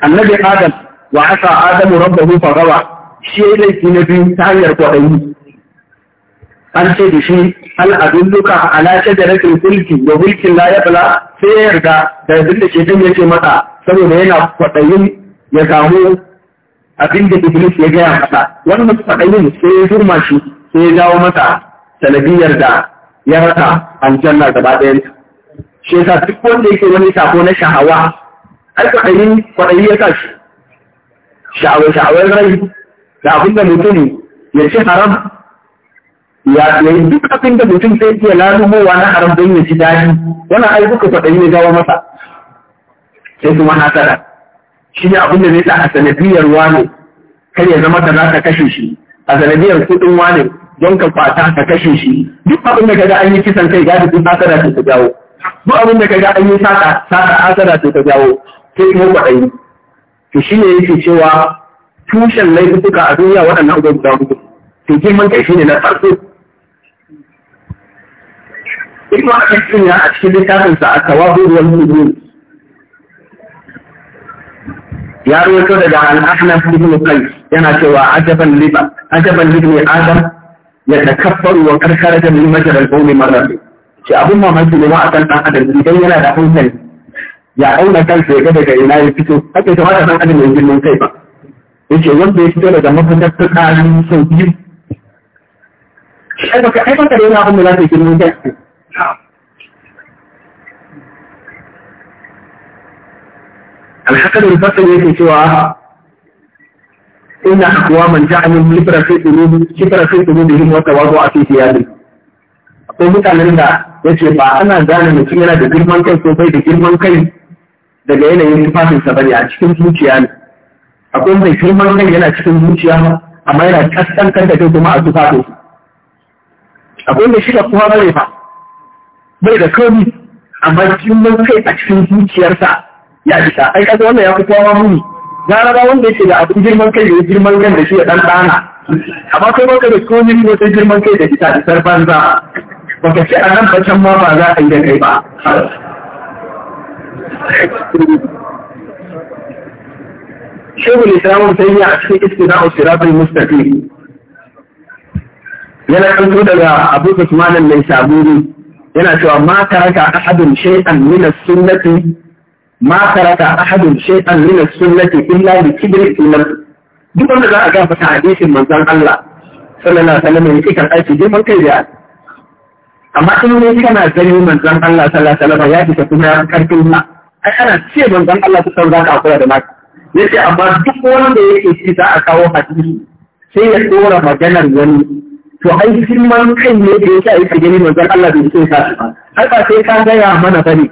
annabi adam wa asa adamu rabbahu fagawa shi ya laifi na biyu ta hanyar kwaɗayi an ce da shi al'adun duka ala shajaratul kulki da mulkin la yabla sai ya yarda da yanzu da ya ce mata saboda yana kwaɗayin ya samu abin da iblis ya gaya mata wannan kwaɗayin sai ya zurma shi sai ya jawo mata sanadiyar da ya rasa aljanna gaba ɗayanta shi yasa duk wanda yake wani sako na shahawa ai kwaɗayi kwaɗayi ya sa shi sha'awar sha'awar rai da abin da mutum ya ci haram ya yi duk abin da mutum zai iya lalumowa na haram don ya ci daɗi wannan ai duka kwaɗayi ya jawo masa sai kuma hasara shi ne abin da zai sa a sanadiyar wane kar ya zama ta za ta kashe shi a sanadiyar kuɗin wane don ka kwata ka kashe shi duk abin da kaga an yi kisan kai gadi duk asara ce ta jawo duk abin da kaga an yi sata saka asara ce ta jawo sai kuma kwaɗayi to shi ne yake cewa tushen laifuka a duniya waɗannan ubai guda hudu to girman kai shi ne na farko Ibn Abdul ya a cikin a tawabu wal mudun ya daga al-Ahnaf ibn yana cewa ajaban liba ajaban ne Adam ya takabbaru wa karkara da min majalar ƙaumi marar ce abin mamaki ne ma a kan ɗan adam idan yana da hankali ya auna kansa ya ga daga ina ya fito haka ta wata ɗan adam mai girman kai ba ce wanda ya fito daga mafitar ta ƙarin sau biyu ai baka ai baka da yana abin da za ta girman kai alhakar da fasin yake cewa إن أقواما جعلهم لبرة قلوبهم كبرة قلوبهم وتواضع في ثيابهم akwai mutanen da ya ba ana gane mutum yana da girman kai ko bai da girman kai daga yanayin tufafinsa ba ne a cikin zuciya ne akwai mai girman kai yana cikin zuciya amma yana kan da kai kuma a tufafin akwai mai shiga kuma bare fa bai da kauri amma girman kai a cikin zuciyarsa ya isa ai kaga wannan ya fi kowa muni gara ba wanda yake da abin girman kai da girman kan da shi ya dan dana amma kai baka da komai ne wata girman kai da kita isar banza baka ce a nan ba can ma ba za a yi da kai ba shehu lislamun sai ya a cikin istina usiratul Mustapha. yana kanto daga abu usman mai saburi yana cewa ma taraka ahadun shay'an min as-sunnati ma karata ahadun shay'an min as-sunnati illa bi kibri sunnati duk wanda za a ga fata hadisin manzon Allah sallallahu alaihi wasallam yake kan aiki girman kai da amma in ne kana gani manzon Allah sallallahu alaihi wasallam ya fita kuma ya karfin ma ai ana ce manzon Allah sallallahu alaihi wasallam kula da naka yace amma duk wanda yake ci za a kawo hadisi sai ya dora maganar wani to ai girman kai ne da yake aiki gani manzon Allah bai so ka har ba sai ka ga ya mana bane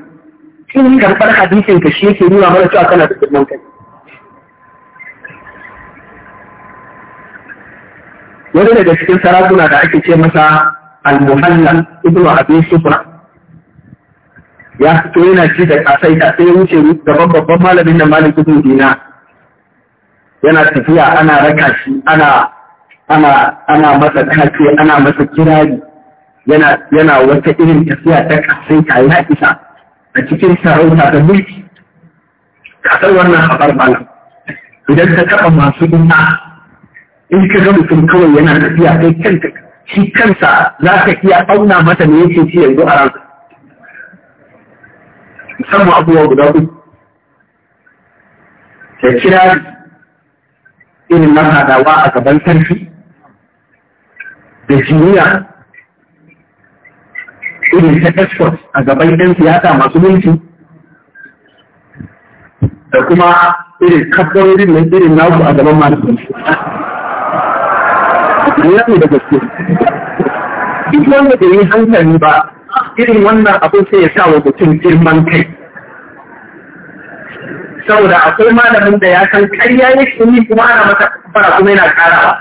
kin karɓar hadisin ka shi yake nuna mana cewa kana da girman kai wani daga cikin sarakuna da ake ce masa al-muhallal ibn abi sufra ya fito yana ci da kasai ta sai wuce gaban babban malamin da malik ibn dina yana tafiya ana raka shi ana ana ana masa kace ana masa kirari yana wata irin tafiya ta kasai ta ya isa a cikin sarauta da mulki kasar wannan haɓar bala idan ka taɓa masu ina in ka ga mutum kawai yana tafiya kai kanta shi kansa za ka iya auna mata ne yake ci yanzu a ransa musamman abubuwa guda uku ya kira irin na hadawa a gaban sarki da jiniya irin ta escort a gaban 'yan siyasa masu mulki da kuma irin kafin nan irin naku a gaban masu mulki. Wannan da gaske. Duk wanda da yi hankali ba irin wannan abin sai ya sa wa mutum girman kai. Saboda akwai malamin da ya san karya yake yi kuma ana masa fara kuma yana karawa.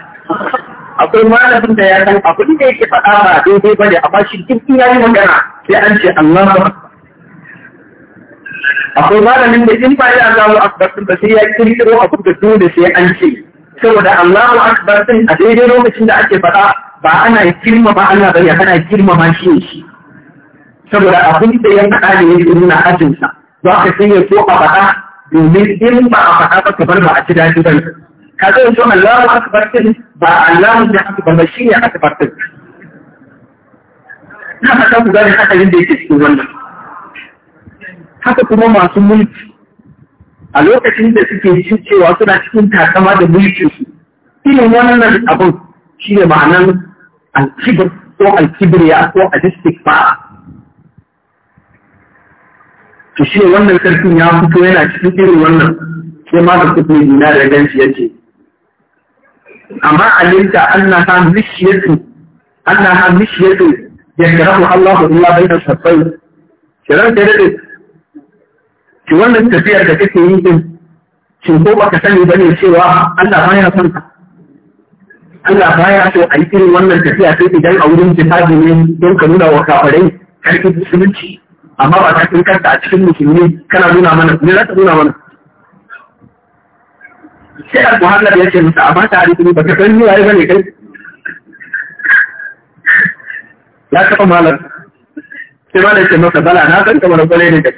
akwai malamin da ya san abin da yake faɗa ba daidai ba ne amma shi duk ya yi magana sai an ce Allah akwai malamin da in ba ya Allahu akbar din sai ya kirkiro a da dole sai an ce saboda Allahu akbar sun a daidai lokacin da ake faɗa ba ana girma ba ana bari ana girma ma shi shi saboda abin da ya faɗa ne yi nuna ajinsa za ka sai ko a faɗa domin in ba a faɗa ba ka bar ba a ci daji ba kaga yanzu Allahu akbar din ba Allahu ne akbar ba shine akbar din na haka ku gane haka yin da yake cikin wannan haka kuma masu mulki a lokacin da suke jin cewa suna cikin takama da mulkin su irin wannan abun shi ne al alkibir ko al alkibriya ko alistikfa to shi ne wannan sarkin ya fito yana cikin irin wannan sai ma da kuɗi ina da ganci yace amma alimta annaha mishyatu annaha mishyatu yakrahu Allah illa bayna saffai kiran da dade ki wannan tafiyar da kake yi din shin ko baka sani bane cewa Allah baya son ka Allah baya so a yi wannan tafiya sai idan a wurin jihadi ne don ka nuna wa kafirai karfin musulunci amma ba ta kin kanta a cikin musulmi kana nuna mana ne za ka nuna mana sai al muhallab ya ce masa amma ta arifu ba ka san ni waye bane kai ya taɓa malam sai malam ce masa bala na san kamar kwale ne da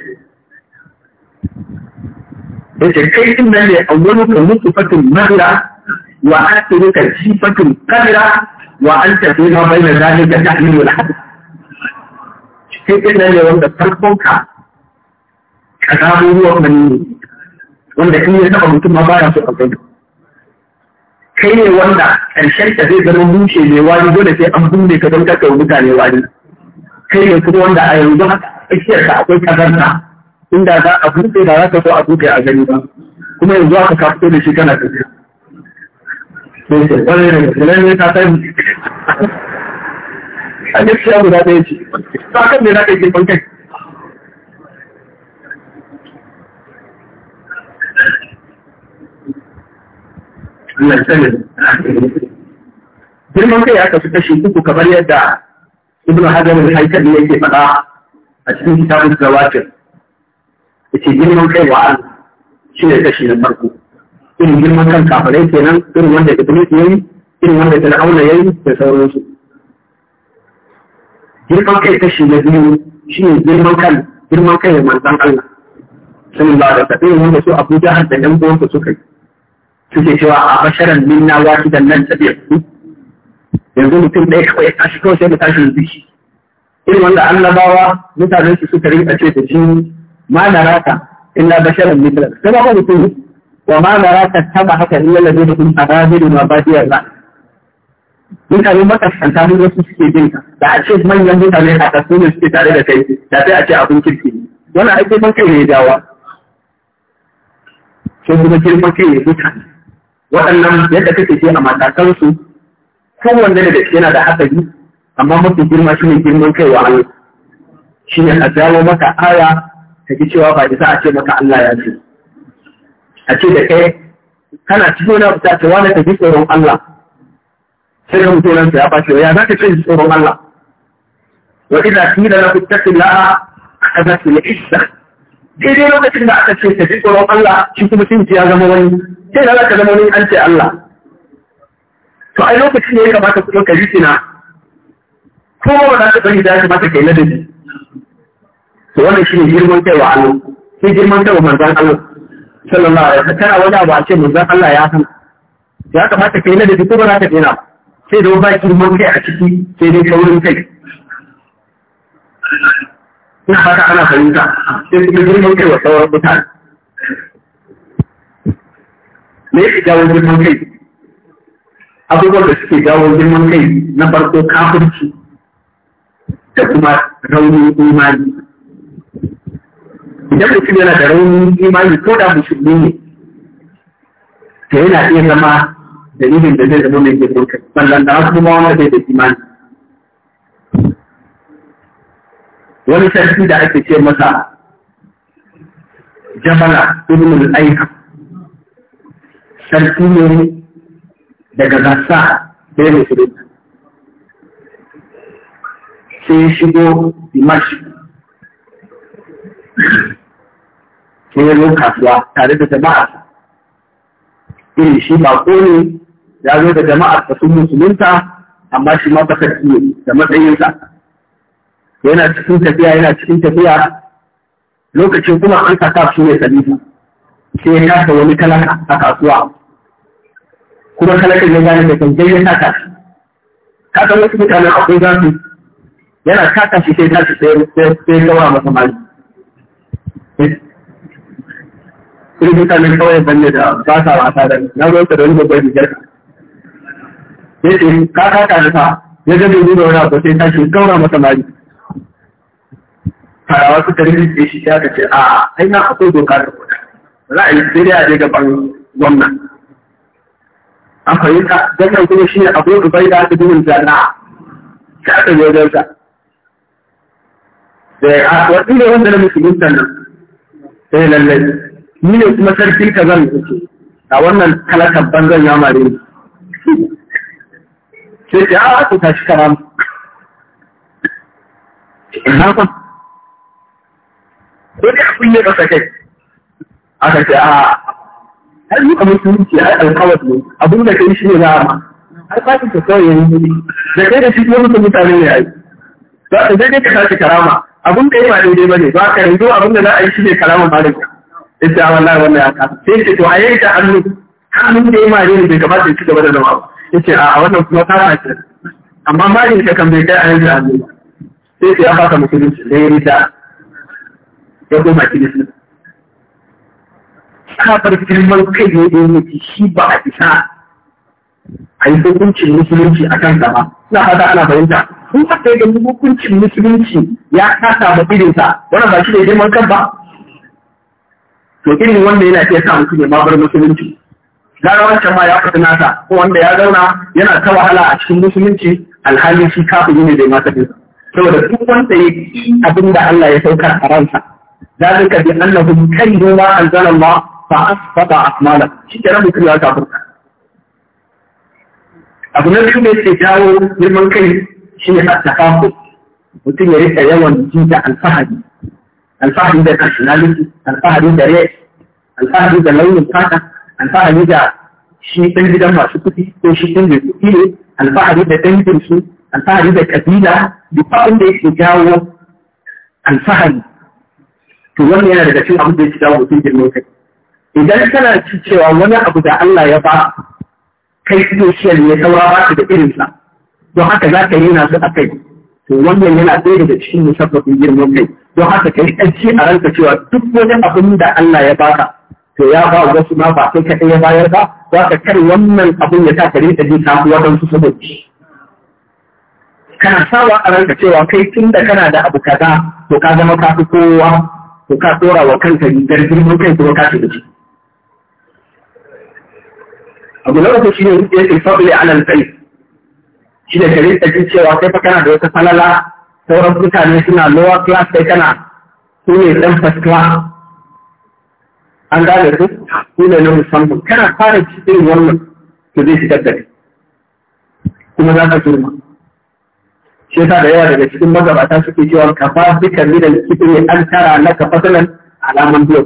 ya ce kai din nan ne wani ka mutu fatin mahla wa asiru ka jifatin kamira wa an tafi ma bai na zahi ka ta'min wal hadith kai din nan ne wanda farkon ka ka samu ruwan manini wanda in ya taɓa mutum ma baya so a kai kai ne wanda karshen ta zai zama bushe mai wani dole sai an bunne ka don kakar mutane wani kai ne kuma wanda a yanzu haka tsakiyar ka akwai kazanta inda za a bude da za ka so a bude a gani ba kuma yanzu aka ka fito da shi kana tafiya ne ta sani a gaskiya guda ɗaya ce ba kan ne za ka yi kai girman kai ya kasu kashi uku kamar yadda ibnu hajar al-haikali yake faɗa a cikin kitabun zawatir yace girman kai wa an shi ne kashi na farko irin girman kan kafirai kenan irin wanda iblis yayi irin wanda auna ya yi, da sauransu girman kai kashi na biyu shi ne girman kan girman kai manzon Allah sallallahu alaihi wasallam wanda su Abu Jahal da ɗan uwansa suka yi suke cewa a basharan minna da nan tabi yanzu mutum ɗaya kawai tashi kawai sai mu tashi mu bishi irin wanda annabawa mutanen su suka rinka ce da shi ma naraka illa basharan mithlak sai ba mutum wa ma ta ba haka in illa ladai kun arabidu ma badiya la mutane makasanta ne wasu suke jin ka da a ce manyan mutane a kasu ne suke tare da kai da sai a ce abin kirki ne wannan ake man kai ne dawa Sun kuma girman kai ne mutane waɗannan yadda kake ce a matakansu kowanne da yana da hatsari amma mafi girma shi ne girman wa Allah shi ne a jawo maka aya ta ki cewa ba isa a ce maka Allah ya ce a ce da kai kana cikin wani abuta ce wani ta ji tsoron Allah sai da mutunan ya fashe ya za ka ce ji tsoron Allah wa idza qila lahu ittaqillaha akhadhat al isa daidai lokacin da aka ce ta ji tsoron Allah shi kuma sun ya zama wani sai na zaka zama wani an ce Allah to ai lokacin ne ya kamata ku ɗauka rikina ko ba za ka bari da ya kamata kai ladabi to wannan shine girman kai wa Allah sai girman kai wa manzan Allah sallallahu alaihi wasallam kana wani abu a ce manzan Allah ya san ya kamata kai ladabi ko ba za ka dena sai da ba girman kai a ciki sai dai kaurin kai ina fata ana fahimta sai kuma girman kai wa sauran mutane me yake jawo girman kai abubuwan da suke jawo girman kai na farko kafirci da kuma raunin imani idan mutum yana da raunin imani ko da musulmi ne Ta yana iya zama dalilin da zai zama mai girman kai sannan da wasu kuma wanda zai da imani wani sarki da ake ce masa Jamala ibn al aikam sarki ne daga gasa da ya sai ya shigo dimashi sai ya zo kasuwa tare da jama'a irin eh, shi ba ne ya zo da jama'a ta sun musulunta amma shi ma ba sarki ne da matsayinsa yana cikin tafiya yana cikin tafiya lokacin kuma an saka su ne salifu sai ya kasa wani talaka a kasuwa kuma halakar ya gane da kan jayyar ta shi ka san wasu mutane akwai za su yana ta shi sai su sai gawa masa mali kuma mutane kawai banne da ba sa wasa da na ruwan da wani babbar rigar ka sai ce ka ta da ya ga bai zuba wani abu sai tashi gawa masa mali farawa suka rinke shi ya ka ce a aina akwai doka da kuma za a yi sai dai a je gaban gwamnati a fahimta wannan kuma shi ne abu ubai da aka dumin zanna ta aka zo don sa da ya wasu ne wanda na musulunta nan sai lallai ni ne kuma sarkin ka zan ce a wannan talakan banzan ya mare ni sai ce a ku tashi karamu na kwan ko dai a kunne kasa kai aka ce a har yi kamar tunci har alkawar ne abin da kai shi ne za a ma har fatin ka kawai yanzu ne da kai da shi kuma mutum mutane ne ai za ka zai ka tashi karama abin da ya ba daidai ba ne ba ka yanzu abin da za a yi shi ne karama ba da ka ita wallahi wannan ya ka sai ce to a ta hannu hannun da ya ma ne bai kamata ya ci gaba da zama ba yace a ah, wannan kuma ta ce amma ba ne ka kan bai kai a yanzu a hannu sai ce ya baka musulunci da ya rita ya koma kiristi sabar girman kai ne da yake shi ba a isa a yi hukuncin musulunci a kan gaba ina fata ana fahimta in ba sai ga hukuncin musulunci ya kasa ba irinsa wannan ba shi ne girman kan ba to irin wanda yana ke sa mutum ya babar musulunci gara wancan ma ya fata nasa ko wanda ya zauna yana ta wahala a cikin musulunci alhalin shi kafin ne da masa saboda duk wanda ya ki abin da Allah ya saukar a ransa ذلك بأنهم كرهوا ما أنزل الله Ba a fa a asmala shi ke rabu kiriya kafirta abu na biyu da yake jawo girman kai shi ne a tafafu mutum ya rika yawan ji da alfahari alfahari da nationality alfahari da race alfahari da launin fata alfahari da shi ɗan gidan masu kuɗi ko shi ɗan mai kuɗi ne alfahari da dangin su alfahari da kabila duk abin da yake jawo alfahari to wannan yana daga cikin abin da yake jawo mutum girman kai idan kana ci cewa wani abu da Allah ya ba kai special ne saura ba su da irinsa don haka za ka yi na su akai to wannan yana ɗaya daga cikin musabbabin girman kai don haka ka yi ɗanci a ranka cewa duk wani abin da Allah ya baka to ya ba wasu ma ba kai kaɗai ya bayar ba za ka kar wannan abin ya sa ka rinka jin su waɗansu saboda kana sawa a ranka cewa kai tun da kana da abu kaza to ka zama ka fi kowa to ka tsora wa kanka rigar girman kai kuma ka shiga ciki abu na uku shine rubiyatul fadli ala al-khalq shine ka rinka jin cewa kai fa kana da wata falala sauran mutane suna lower class kai kana su ne dan first an gane su su ne na musamman kana fara cikin wannan to zai shigar da kai kuma za ka girma shi yasa da yawa daga cikin magabata suke cewa ka fa bika da kibri an tara naka fasalan alaman biyu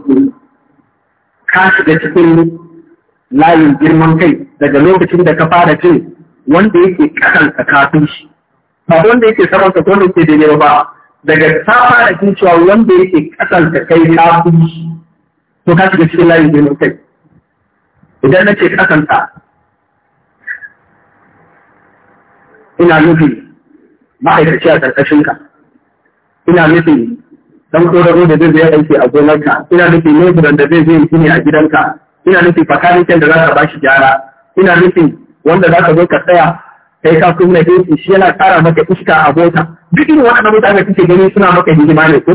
ka shiga cikin layin girman kai daga lokacin da ka fara ce wanda yake kasansa kafin shi ba wanda yake saman ka wanda ke daidai ba daga ta fara jin cewa wanda yake kasansa kai kafin shi to ka shiga cikin layin girman kai idan na ce ta ina nufin ma'aikaci a ka ina nufin dan koraro da zai zai aiki a gonarka ina nufin leburan da zai zai gini a gidanka ina nufin fakanikin da za ka bashi gyara ina nufin wanda za ka zo ka tsaya kai ka kunna AC shi yana kara maka iska a mota duk irin waɗannan mutane kake gani suna maka hidima ne ko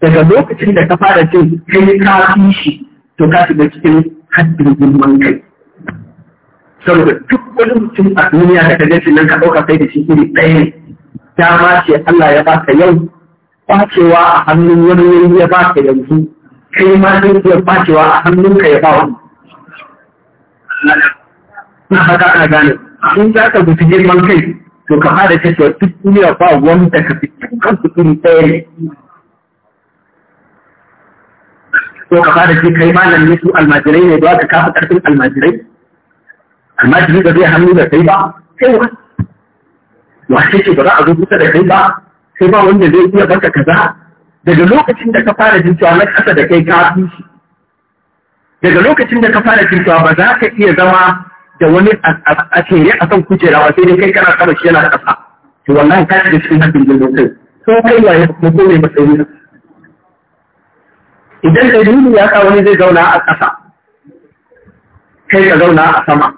daga lokacin da ka fara jin kai ka fi shi to ka shiga cikin haddin girman kai saboda duk wani mutum a duniya da ka nan ka ɗauka kai da shi iri ɗaya ne dama ce Allah ya baka yau Ƙwacewa a hannun wani wuri ya baka yanzu kai ma zai iya fashewa a hannunka ya ba wani na haka ana gane in za ka guji girman kai to ka fara cewa duk duniya ba wanda ka fi kan kuɗi tsaye ne To ka fara ce kai malam ne su almajirai ne ba ka kafa ƙarfin almajirai almajiri ba zai hannu da kai ba kai wa wace ce ba za a zo kusa da kai ba sai ba wanda zai iya baka kaza daga lokacin da ka fara jin cewa na ƙasa da kai ka shi daga lokacin da ka fara jin cewa ba za ka iya zama da wani a tere a kan kujera ba sai dai kai kana kama shi yana ƙasa to wannan ka shiga cikin haɗin jin lokai. ko kai waye ko kome mai na idan yi dalilin ya sa wani zai zauna a ƙasa kai ka zauna a sama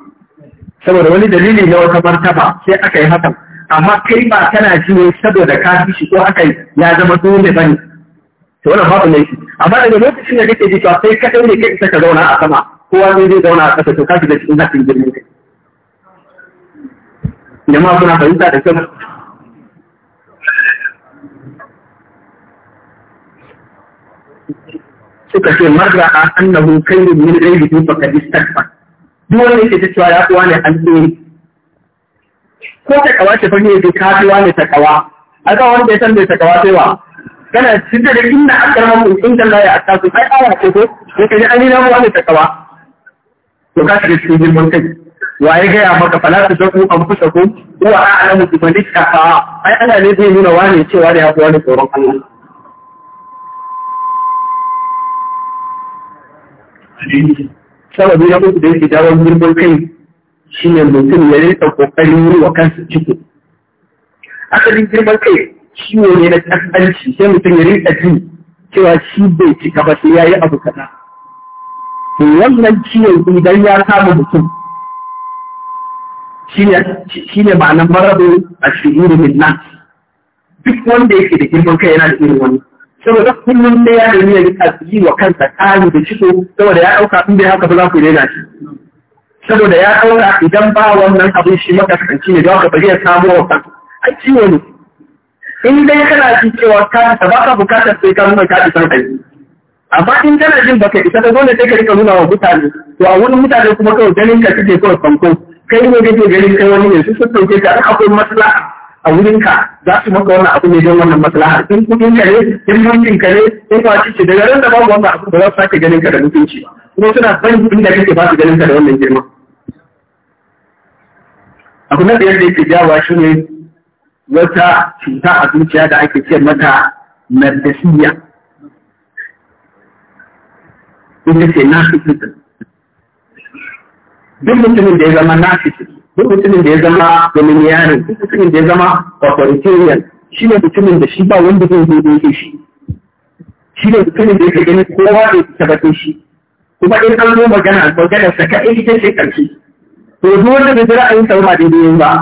saboda wani dalili na wata martaba sai aka yi hakan amma kai ba kana ji saboda ka fi shi ko aka yi ya zama dole bane to wannan babu laifi amma daga lokacin da kake ji to sai ka dai ne kai ka zauna a sama kowa ne zai zauna a kasa to ka shiga cikin zafin girman kai jama'a kuna fahimta da kyau suka ce marra a annahu kairun min ka faqad istakbar duk wanda ke cewa ya kuwa ne alheri ko ta kawace fanni yake kafi wani ta kawa a ga wanda ya san bai ta kawa sai wa kana shidda da inda akramakum inda Allah ya su ai aya ce ko sai kaje an nuna mu wani takawa to ka shiga cikin girman kai wa ya gaya maka fala ta zaku an fusa ku huwa a'lamu bi man ittaqa ai Allah ne zai nuna wani cewa da ya fi wani tsoron Allah sababi na uku da yake jawo girman kai shine mutum ya rinka kokarin yi wa kansa ciki asalin girman kai ciwo ne na ƙasƙanci sai mutum ya rinka ji cewa shi bai cika ba sai ya yi abu kaɗa. To wannan ciwon idan ya samu mutum shi ne ma'anar marabu a shi'iri min nan. Duk wanda yake da girman kai yana da irin wani. Saboda kullum da ya nemi ya rika yi wa kansa ƙari da ciko saboda ya ɗauka in bai haka ba za ku daina shi. Saboda ya ɗauka idan ba wannan abin shi makasanci ne don haka ba zai samu wa kansa. Ai ciwo ne. in dai kana jin cewa ka ta baka bukatar sai ka nuna kaɗi san kai amma in kana jin baka isa ka ne sai ka rika nuna wa mutane to a wurin mutane kuma kawai ganin ka suke kawai fanko kai ne kake ganin kai wani ne su su dauke ka akwai maslaha a wurin ka za su maka wannan abu ne don wannan maslaha in kuɗin ka ne in mulkin ka ne in kwaci ce daga ran da babu wannan abu ba za su sake ganin ka da mutunci kuma suna ban inda kake ba su ganin ka da wannan girma abu na biyar da yake jawa shi ne wata cuta a zuciya da ake ce mata nardasiya ita ce narcissism duk mutumin da ya zama narcissist duk mutumin da ya zama domineering duk mutumin da ya zama authoritarian shi ne mutumin da shi ba wanda zai zo da shi shi ne mutumin da yake gani kowa da ne tabbatar shi kuma in an zo magana maganar sa ka ita ce karshe to duk wanda bai ra'ayin sa ba daidai ba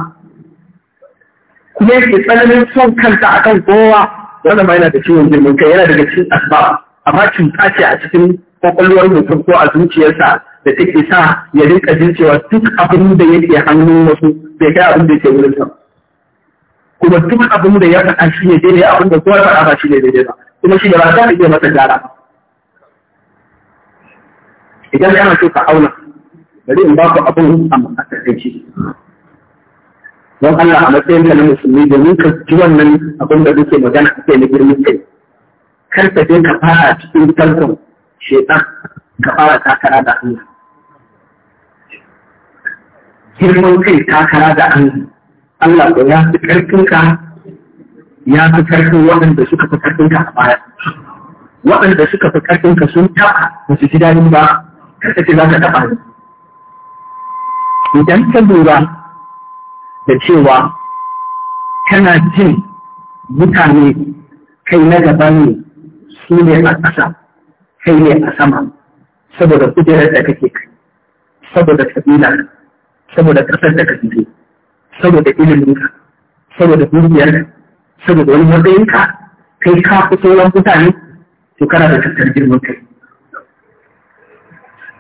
kuma yake tsananin son kanta akan kowa wannan ma yana da ciwon girman kai yana daga cikin asbab amma cuta ce a cikin kwakwalwar mutum ko a zuciyarsa da take sa ya rinka jin cewa duk abin da yake hannun wasu bai kai abin da yake wurin sa kuma duk abin da ya faɗa shi ne daidai abin da kowa faɗa ba shi ne daidai ba kuma shi da ba za a iya masa gyara idan ana so ka auna bari in ba ku abin a takaice don Allah a matsayin da na musulmi domin ka ji wannan abin da kake magana kake na girman kai kar ka je ka fara cikin tarkon shekar ka fara takara da Allah girman kai takara da Allah Allah ko ya fi karfin ka ya fi karfin waɗanda suka fi karfin ka a baya waɗanda suka fi karfin ka sun taɓa ba su ji daɗin ba kar ka ce za ka taɓa ni idan ka lura da cewa kana jin mutane kai na gaba ne su ne a ƙasa kai ne a sama saboda kujerar da kake kai saboda kabila saboda ƙasar da kake saboda iliminka saboda dukiyarka saboda wani matsayinka kai ka fi sauran mutane to kana da tattar girman kai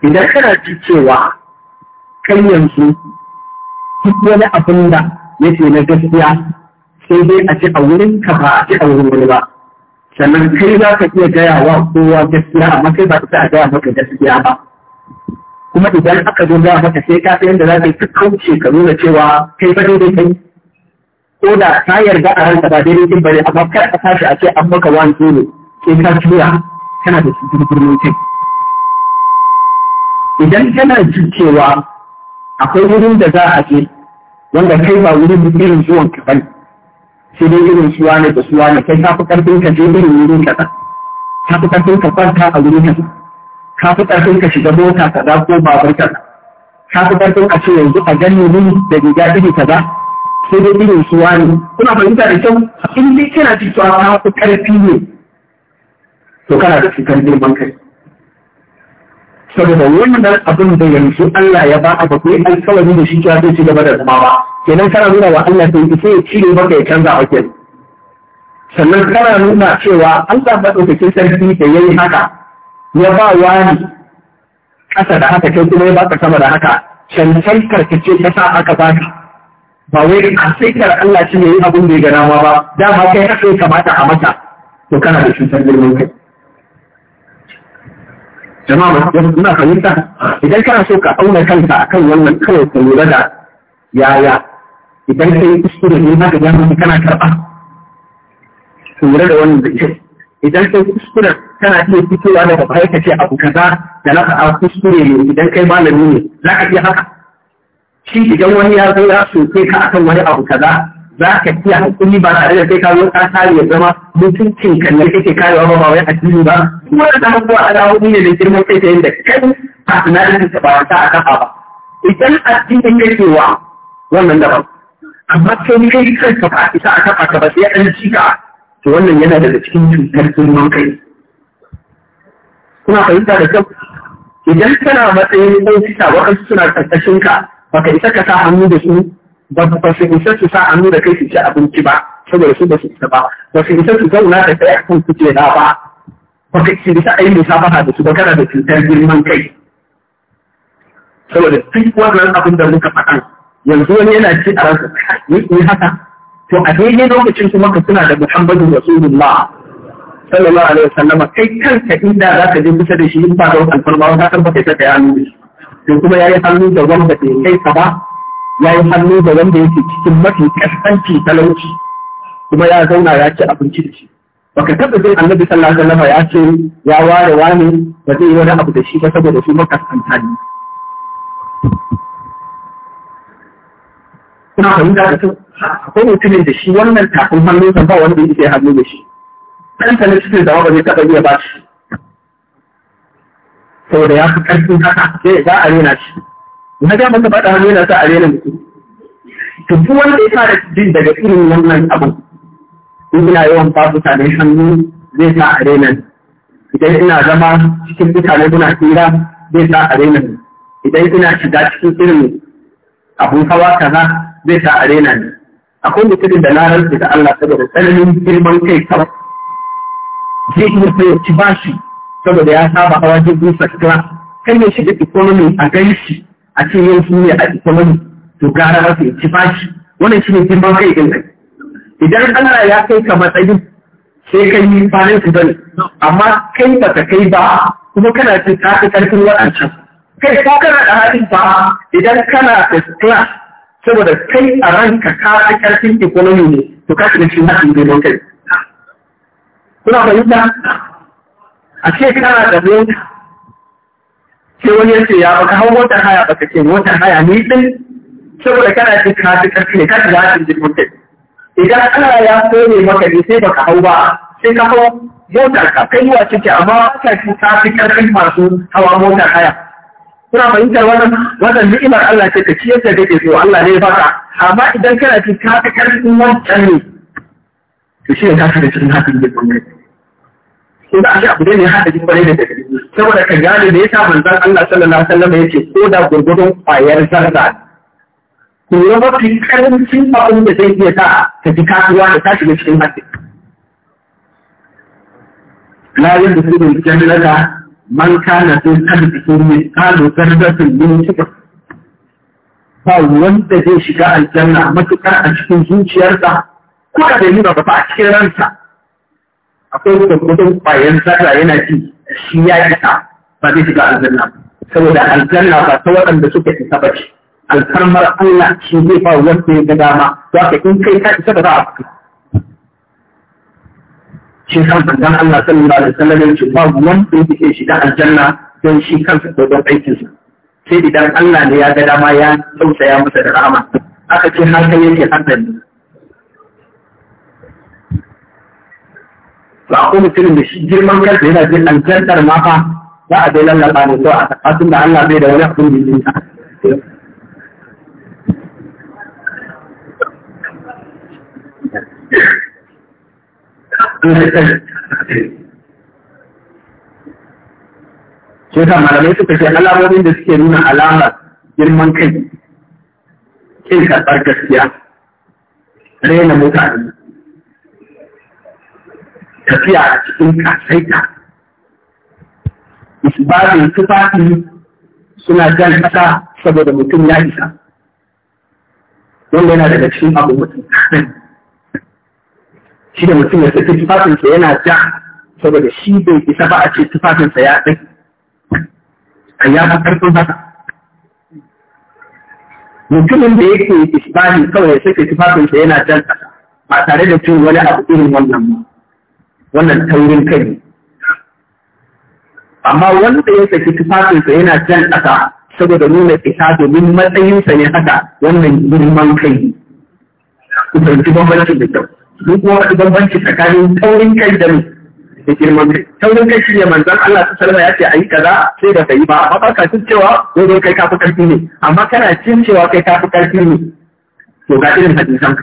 idan kana ci cewa kai yanzu duk wani abin da yake na gaskiya sai dai a ce a wurin ka ba a ci a wurin wani ba sannan kai za ka iya gaya wa kowa gaskiya amma kai ba ka a gaya maka gaskiya ba kuma idan aka zo gaya maka sai ka yadda za ka yi dukkan shekaru na cewa kai ba daidai kai ko da ka yarda a ranka ba daidai kin bane amma kar a tashi a ce an maka wani ne sai ka tura kana da cikin birnin kai idan kana jin cewa akwai wurin da za a je wanda kai ba wurin irin zuwan ka bane sai dai irin suwa ne da suwa ne kai ka fi karfin ka je irin wurin ka ka fi karfin ka kwanta a wurin ka ka fi karfin ka shiga mota za ko babar ka fi karfin a ce yanzu a gani wuri da riga iri za sai dai irin suwa ne kuna fahimta da kyau in dai kana jin cewa ka fi karfi ne to kana da cutar girman kai saboda wannan abin da yanzu Allah ya ba aka kai alkawari da shi cewa zai ci gaba da zama ba kenan kana nuna wa Allah sai sai ya cire maka ya canza wakil sannan kana nuna cewa an Allah madaukakin sarki da yayi haka ya ba wani ƙasa da haka kai kuma ya ba ka sama da haka cancantar karka ce ƙasa aka ba ka. ba wai a kar Allah shi yi abin da ya gana ma ba dama kai haka ya kamata a mata to kana da cutar girman kai jama'a suna fahimta idan kana so ka auna kanka akan wannan kawai ka lura da yaya idan kai kuskure ne za ka gano kana karɓa ka lura da wannan da idan kai kuskuren kana iya fitowa da baya ka ce abu kaza da na a kuskure ne idan kai malami ne za ka iya haka shi idan wani ya zo ya soke ka akan wani abu kaza za ka iya hakuri ba tare da kai kawo zo ka kare ya zama mutuncin kan ne kake karewa ba ba wai addini ba kuma da dawo alawoyi ne da girman kai ta yadda kai personality ta ba ta a kafa ba idan addini yake wa wannan daban amma kai kai kanka ba isa a kafa ka ba sai an ci ka to wannan yana daga cikin cutar girman kai kuna fahimta da kyau idan kana matsayin ɗaukita waɗansu suna karkashin ƙarƙashinka baka isa ka sa hannu da su ba ba su isa su sa hannu da kai su ci abinci ba saboda su ba su isa ba ba su isa su zauna da kai a kan na ba ba ka su isa a yi musabaha da su ba kana da cutar girman kai saboda duk wannan abin da muka faɗa yanzu wani yana ci a ransa ni haka to a daidai lokacin kuma ka suna da Muhammadu Rasulullah sallallahu alaihi wasallama kai kanka inda za ka je bisa da shi in ba da wannan farma za ka baka ta hannu to kuma yayi hannu da wanda ke kai ka ba ya yi hannu da wanda yake cikin mafi kasanci talauci kuma ya zauna ya ci abinci da shi baka taɓa jin annabi sallallahu alaihi wasallam ya ce ya ware wani ba zai yi wani abu da shi ba saboda shi makasanta ne kuna fahimta da su akwai mutumin da shi wannan tafin hannu san ba wanda yake hannu da shi ɗan sanin cikin zama ba zai taɓa iya ba shi saboda ya fi ƙarfin haka sai za a shi na ga maka faɗa hannu yana sa a rena mutum to duk wanda ya fara jin daga irin wannan abu in ina yawan ba mutane hannu zai sa a rena idan ina zama cikin mutane muna tsira zai sa a rena idan ina shiga cikin irin abun hawa kaza zai sa a rena ni akwai mutumin da na rantsa da Allah saboda tsananin girman kai kawai zai iya sai ci bashi saboda ya saba hawa jirgin sakira kan ya shiga ikonomi a shi. a ce yau shi ne a cikin mani to gara masu ya ci fashi wannan shi ne jimbar kai ɗin kai idan Allah ya kai ka matsayin sai kai yi bayan su bane amma kai ba ka kai ba kuma kana ce ta fi ƙarfin waɗancan kai ko kana da haɗin ba idan kana da class saboda kai a ranka ka fi ƙarfin ikonomi ne to ka shiga cikin haɗin girman kai kuna fahimta a ce kana da mota sai wani ya ce ya baka hau motar haya baka ce motar haya ni din saboda kana ce kafin karfi ne ka a cikin jirgin kai idan ana ya so ne maka ne sai baka hau ba sai ka hau motar ka kai wa ciki amma ka ci kafin fi karfin masu hawa motar haya kuna fahimtar wannan wannan ni'imar Allah ce ka ci yadda kake so Allah ne ya baka amma idan kana ce kafin fi karfin wancan ne to shi ne kafin da cikin kafin jirgin kai sun da ashe abu ne mai haɗari kwarai da gaske saboda ka gane da yasa manzon Allah sallallahu alaihi wasallam yake ko da gurgurdun kwayar zarra ku mafi karancin abin da zai iya sa ta ji kasuwa da ta da cikin haɗe. La yin da suke jannata man kana sun arziki ne kalu zarratin min cikin ba wanda zai shiga aljanna matukar a cikin zuciyarsa ko da bai nuna ba a cikin ransa akwai kwakwatan kwayan zata yana ci shi ya isa ba zai shiga aljanna saboda aljanna ba ta waɗanda suka isa ba ce alfarmar Allah shi zai fa wanda ya ga dama za ka in kai ka isa ba za a fi shi kan bangan Allah sallallahu alaihi wasallam ya ba wanda yake shiga aljanna don shi kansa ko don aikinsa sai idan Allah ne ya ga dama ya tausaya masa da rahama aka ce har kai yake hankali. ba ko mutumin da shi girman kansa yana jin aljantar ma fa za a dai lallaba ne to a tsakatin da Allah bai da wani abin da yake Sai ta malamai suka ce alamomin da suke nuna alamar girman kai, kin karɓar gaskiya, raina mutane, tafiya a cikin kasaita isbatin tufafi suna jan kasa saboda mutum ya isa wanda yana daga cikin abu mutum shi da mutum ya saki tufafinsa yana ja saboda shi bai isa ba a ce tufafinsa ya ɗai a ya ba ƙarfin haka mutumin da yake isbani kawai ya saki tufafinsa yana jan kasa ba tare da cin wani abu irin wannan ba wannan taurin kai amma wanda ya saki tufafinsa yana jan ƙasa saboda nuna isa domin matsayinsa ne haka wannan girman kai ku fahimci bambanci da kyau ku kuma wani bambanci tsakanin taurin kai da da girman kai taurin kai shi ne manzon Allah ta salama ya ce a yi kaza sai da ka yi ba amma ba ka cin cewa ko kai kafi karfi ne amma kana cin cewa kai kafi karfi ne to ga irin hadisan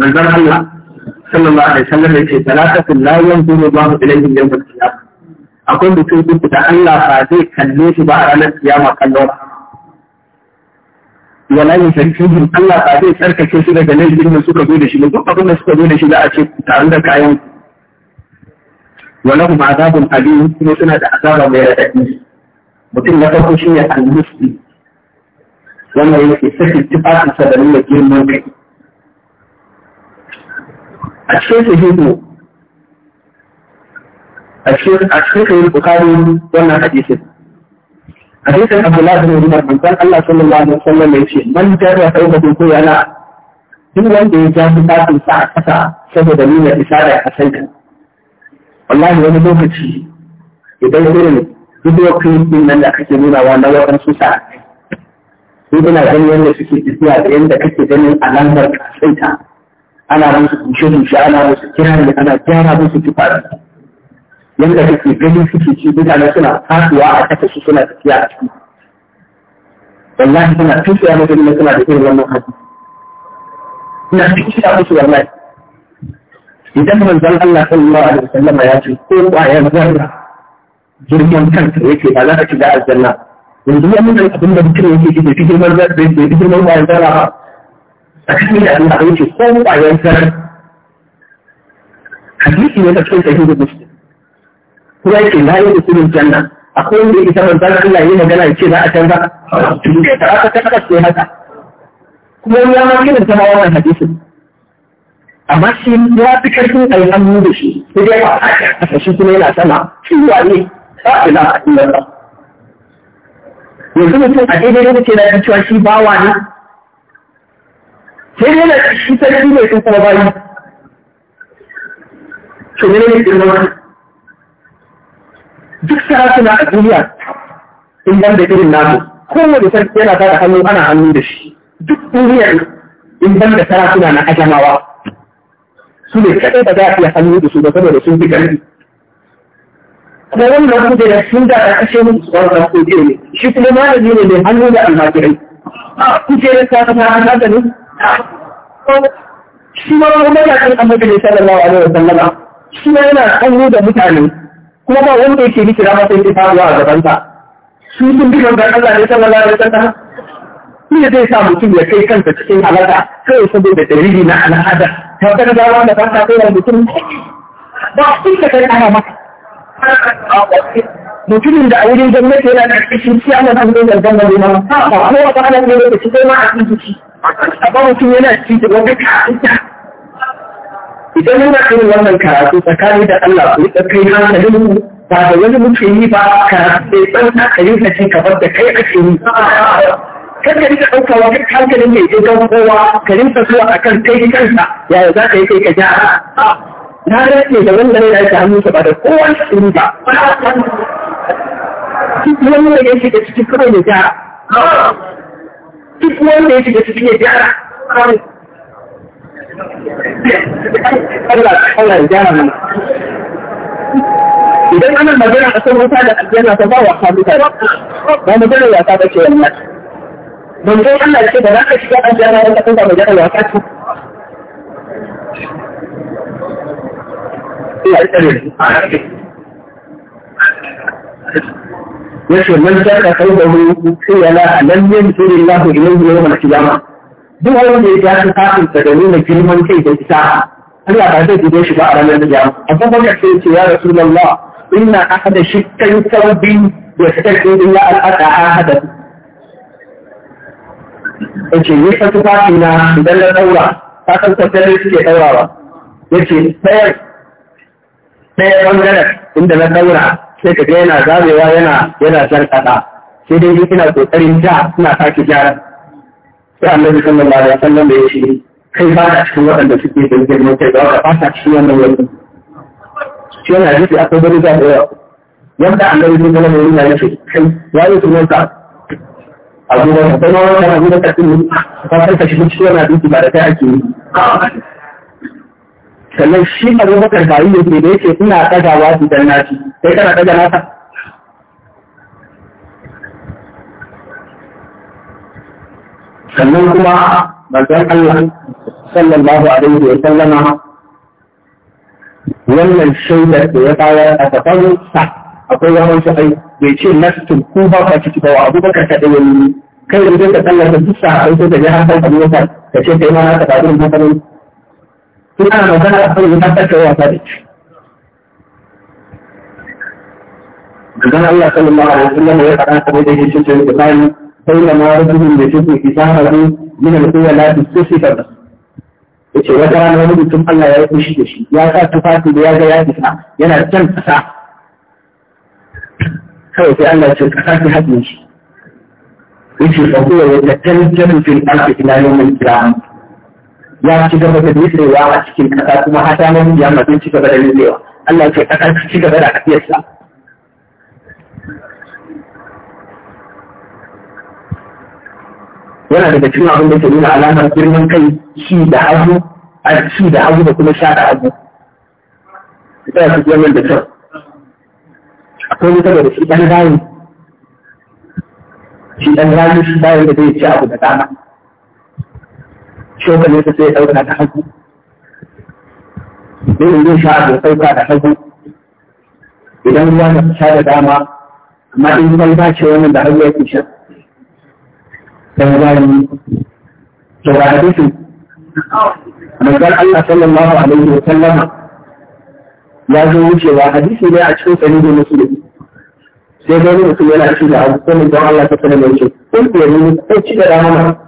manzon Allah sallallahu alaihi wasallam yace salatatul la yanzuru Allahu ilayhim yawm al-qiyamah akwai mutum duk da Allah ba zai kalle shi ba a ranar kiyama kallon wala yin sarkihin Allah ba zai tsarkake su daga laifin da suka zo da shi ba duk abin da suka zo da shi za a ce da kayan suna da mai raɗaɗi mutum ya farko shi ne al wannan yake sakin da nuna girman kai a cikin sahihu a cikin sahihu bukari wannan hadisin hadisin abdullahi bin umar manzon Allah sallallahu alaihi wasallam ya ce man jarra da ko yana duk wanda ya ja fitatin sa a kasa saboda nuna isara a sanka wallahi wani lokaci idan irin bidiyoyin din nan da kake nunawa na waɗansu sa'a sai ina ganin yadda suke tafiya da yadda kake ganin alamar kasaita ana musu kushe-kushe ana musu kirari ana gyara musu kifar yadda kake gani suke ci mutane suna fasuwa a kasa su suna tafiya a ciki wallahi suna tafiya musu ne suna da irin wannan hadu suna tafiya musu wallahi idan manzon Allah sallallahu alaihi wasallam ya ce ko kwayar zarra jirgin kanta yake ba za ka shiga aljanna yanzu wannan abin da mutum yake ke bai fi girman zai bai fi girman kwayar zarra ba a cikin da Allah ya ce ko kwayan sarar hadisi ne da cikin sahihu muslim kuma yake la yi usulul janna akwai wanda yake sanar da Allah ya magana ya ce za a canza da aka tabbata sai haka kuma ya ma kira ta wannan hadisin amma shi ya fi karfin a yi hannu da shi sai dai ba a kashi kuma yana sama shi wani, ba a ila a yanzu mutum a daidai da ke na cewa shi ba wani. sai yana shi sarki mai sun kuma bayi to ne ne girman duk sarakuna a duniya in ban da irin namu kowane sarki yana tada hannu ana hannu da shi duk duniyar in ban da sarakuna na ajamawa su ne kaɗai ba za a iya hannu da su ba saboda sun fi ƙarfi kuma wannan kujera sun da a kashe mu su wanda ko ne shi kuma malami ne mai hannu da almajirai kujerar ta kama an haka ne shi ma wani mazaƙin annabi ne sallallahu alaihi wasallam shi ma yana kallo da mutane kuma ba wanda yake miki rama sai ta faruwa a gabanta su sun bi manzon Allah ne sallallahu alaihi wasallam ne zai sa mutum ya kai kansa cikin halaka kai saboda dalili na al'ada ta ga da wanda ta kai mutum ba su ka kai ana maka mutumin da a wurin gwamnati yana ƙarƙashin shi ana kan zai zargan da nuna ba a kowa ba ana zai lokaci kai ma a cikin jiki a ba mutum yana ci da wata ka'ita idan muna kan wannan karatu tsakani da Allah ku da kai da ku ba da wani mutum yi ba karatu sai ɗan hankalin ka ci kamar da kai a ake yi ka rika ɗauka wa kan hankalin mai gan kowa ka rinka zuwa a kan kai kansa yaya za ka yi kai ka ja na rage da wanda ne ya ta hannu ba da kowa su ba duk wanda ya shiga cikin kawai ya gyara duk wanda ya shiga cikin ya gyara idan ana magana a kan wuta da aljanna ta ba wa kamuta ba magana ya ta bace wannan manzon Allah ya ce da zaka shiga aljanna wanda kanka magana ya ta ce Allah ya يشهد من شك قلبه قيل لا لم ينزل الله اليه يوم القيامه duk wanda ya ja su kafin ta da nuna girman kai da isa Allah ba zai gide shi ba a ranar kiyama Abu Bakar sai ce ya Rasulullah inna ahada shikkan tawbi wa shakku illa al-ata ahada yace ni fa tufafi na idan na daura ta san tattare suke daurawa yace ɗaya ɗaya bangaren inda na daura sai ka ga yana zamewa yana yana kada sai dai ina kokarin ja ina sake gyara sai annabi sallallahu alaihi wasallam da ya ce kai ba ka cikin waɗanda suke da girman kai ba ka fata ka cikin wannan wani shi yana rufe a kan wani zaɓe yau yadda annabi sallallahu alaihi wasallam ya ce kai ya yi sunan ka abu da kuma wani abu da ka tsini ka san ka cikin yana duki ba da kai ake yi sannan shi abubakar ba yi yake da yake ina wa su na ci sai kana ɗaga nasa sannan kuma manzon Allah sallallahu alaihi wa sallama wannan shaidar da ya fara a gaban sa akwai yawan su ai bai ce nasu ku ba ka ciki ba abu abubakar ka da yayi kai da ka tsallaka duk sa ai sai da ya hakan ka ce kai ma na ka da irin hakanin سبحان وتعالى أخبر يبتك هو فارج جزاه الله صلى الله عليه وسلم ويقعنا قبيده الشمس والقبائل فإن ما رجهم لشمس كتابه من القوة لا تستشي فرص إيش وترى نومد ثم الله يقشي تشي يا سات تفاتي بيا جاي تسعى ينا تسمى تسعى هو في أن تفاتي حد نشي إيش الفضوة يتكلم في الأرض إلى يوم القيامة ya ci gaba da nutsewa a cikin ƙasa kuma hata mamu ya masu ci gaba da nutsewa Allah ce ƙasa ta ci gaba da tafiyarsa yana daga cikin abin da ke nuna alamar girman kai shi da hagu a shi da hagu da kuma sha da hagu ita ya fi da kyau akwai wuta da shi ɗan rayu shi ɗan rayu shi bayan da zai ci abu da dama shokalin su sai ɗauka da hagu irin zai sha da ɗauka da hagu idan ruwa na sha da dama amma in ruwan ba ce wannan da hagu yake sha sai ba ni to ba da dusu manzon Allah sallallahu alaihi wa sallama ya zo wucewa hadisi ne a cikin sanin musulmi sai ga mutum yana ci da abu sai manzon Allah ta sanar da shi kun ko ci da dama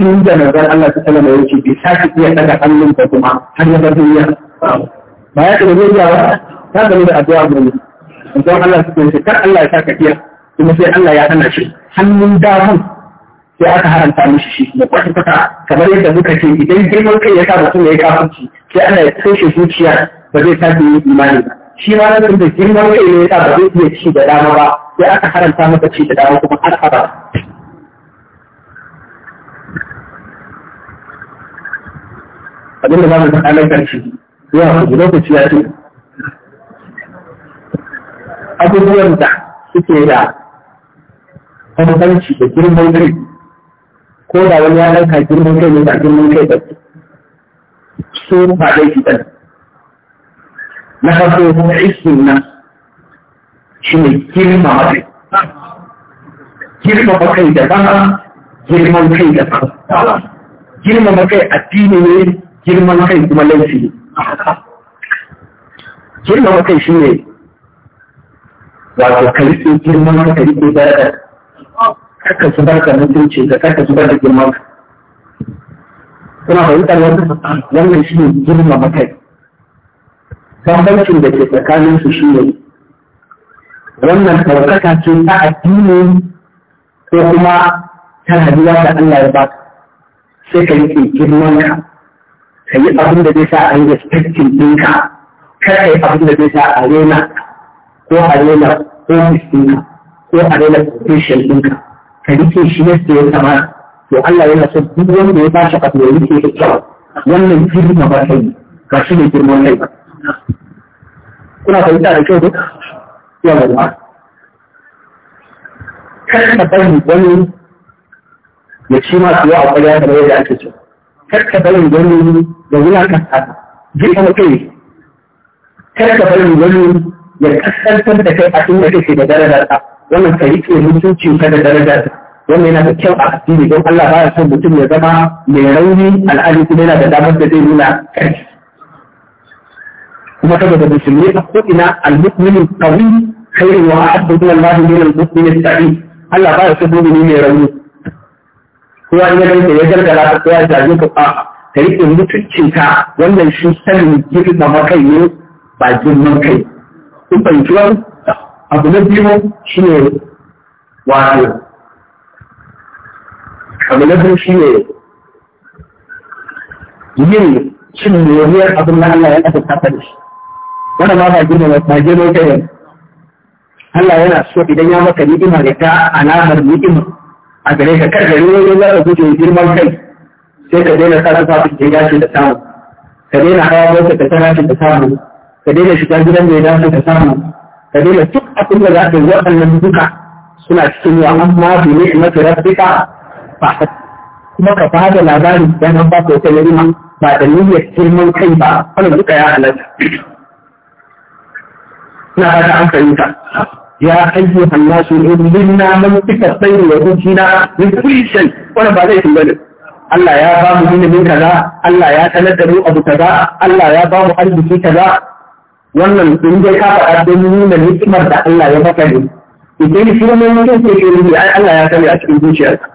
tun da nazar Allah ta salama ya ce bai sake iya daga hannun ka kuma har ya bar duniya ba ya tsoro duniya ba ta gani da addu'a gurin don Allah ta ce kar Allah ya saka iya kuma sai Allah ya hana shi hannun damu sai aka haranta mishi shi da kwata kwata kamar yadda muka ce idan girman kai ya sa mutum ya yi kafirci sai Allah ya kashe zuciya ba zai sake yin imani ba shi ma nazarin da girman kai ne ya sa ba zai iya ci da dama ba sai aka haranta masa ci da dama kuma har abada abinda ba mu faɗa na shi. yawa ku lokaci ya ce abubuwan da suke da bambanci da girman kai ko da wani ya ɗauka girman kai ne ba girman kai ba su ba laifi ɗan. na farko kuma iskin nan shi ne girma kai girma kai da ba girman kai da ba girma kai addini ne girman kai kuma laifi a haka girman kai shi ne wato ka rike girman ko rike daraja kaka zubar da mutunci da kaka zubar da girman kai kuna fahimtar wannan wannan shi ne girman kai bambancin da ke tsakanin su shi ne wannan ɗaukaka ce ta addini ko kuma ta rayuwa da Allah ya ba sai ka rike girman ka ka yi abin da zai sa a yi respectin ɗinka kar ka yi abin da zai sa a rena ko a rena ofis ɗinka ko a rena profession ɗinka ka rike shi yadda ya kamata to Allah yana son duk wanda ya ba shi abu ya rike da kyau wannan girma ba kai ba shi ne girman kai ba kuna fahimta da kyau duk yawa ba kar ka bari wani ya ci ma su yi a kwaya da yadda ake so kar ka bari wani da wulakanta ta jin kuma kai kada ka bari wani ya kasantar da kai a inda kake da darajar ka wannan ka rike mutuncin ka da darajar ka wannan yana da kyau a addini don Allah baya son mutum ya zama mai rauni al'adu kuma yana da damar da zai nuna kai kuma saboda musulmi a ko'ina al-mu'minin qawi khairun wa ahabbu ila Allah min al-mu'min as-sa'i Allah baya son mutum mai rauni kowa ya ganta ya gargara kowa ya jaje ta riƙe mutuncinka wannan shi sanin girmama kai ne ba girman kai in fahimci wani abu na biyu shi ne wato abu na biyu shi ne yin cin moriyar abin da Allah ya ƙasa kasa da shi wannan ma ba girmama ba girman kai ne Allah yana so idan ya maka ni'ima da ta alamar ni'ima a gare ka kar gari wani ya guje girman kai sai ka daina sa tufafin da ya dace da samu ka daina hawa mota ka tana da samu ka daina shiga gidan da ya dace da samu ka daina duk abin da za ka yi waɗannan duka suna cikin yawa amma bi ne na tura duka ba kuma ka bada labarin da nan ba ko ta yarima ba da niyyar girman kai ba wannan duka ya halatta ina fata amfani fahimta يا أيها الناس إن منا من فكر خير وجودنا من كل شيء وأنا بعدين بلد Allah ya ba mu ilimin kaza Allah ya sanar da mu abu kaza Allah ya ba mu arziki kaza wannan in dai ka faɗa don nuna hikimar da Allah ya baka ne idan shi ne mun yi ke yi ai Allah ya sani a cikin zuciyarka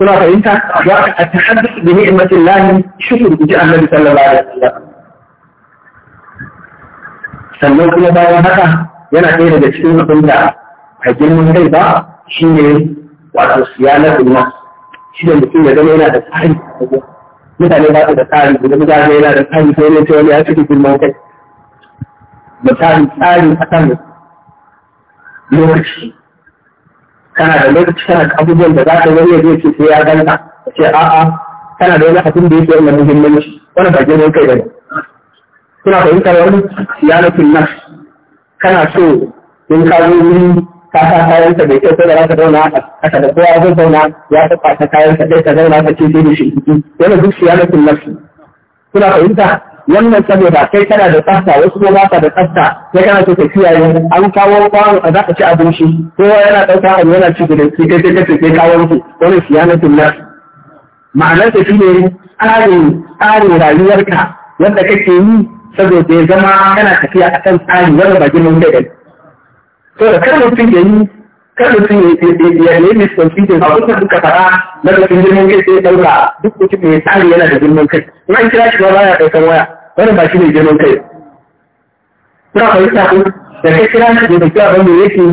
kuna fahimta wa at-tahadduth bi ni'matillah shukr bi annabi sallallahu alaihi wasallam sannan kuma bayan haka yana ɗaya daga cikin abin da a girman kai ba shine wato siyanatul nafs shi da mutum ya zama yana da tsari mutane ba su da tsari da mu zama yana da tsari sai ne sai wani ya ciki girman kai misali tsari a kan lokaci kana da lokaci kana da abubuwan da za ka wani zai ce sai ya ganta ka ce a'a kana da wani abin da yake wannan muhimmanci wani ba girman kai bane kuna fahimtar wani siyanatin nas kana so in ka zo wuri ka sa kayan ka mai kyau da za ka zauna a da kowa zai zauna ya ta kwata kayan ka ka zauna ka ce sai da shi yana duk shi yana kun kuna fahimta wannan saboda kai kana da tsafta wasu ko ba ka da tsafta sai kana so ka kiyaye an kawo kwano a za ka ci abinci kowa yana ɗauka abu yana ci gudan ki kai kai kai kawo su wannan shi yana kun nafsi ma'anar ta shine tsarin tsarin rayuwarka wanda kake yi saboda ya zama kana tafiya akan tsari wanda ba girman kai kada kar mutum ya yi kar mutum ya yi misconfusion a wasu duka fara na kafin girman kai sai ɗauka duk mutum mai tsari yana da girman kai na an kira shi ba baya ɗaukan waya wannan ba shi ne girman kai kuna fahimta ko da kai kira shi da kira ban yake yi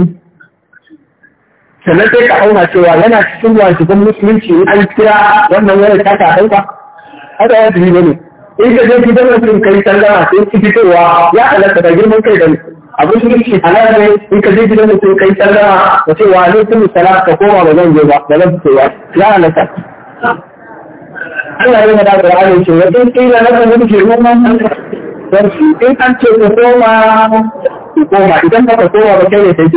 sannan sai ka auna cewa yana cikin wajiban musulunci in an kira wannan wani ta ka ɗauka haka wajibi ne in ka je gidan mutum kai sallama sai ki fitowa ya halatta da girman kai da mutum abin kirki halal ne in ka je gidan mutum kai ka ce wa ka koma ba zan je ba ba zan fito ba ya Allah ya ce shi an ce ka koma koma idan ka koma ba ne sai ke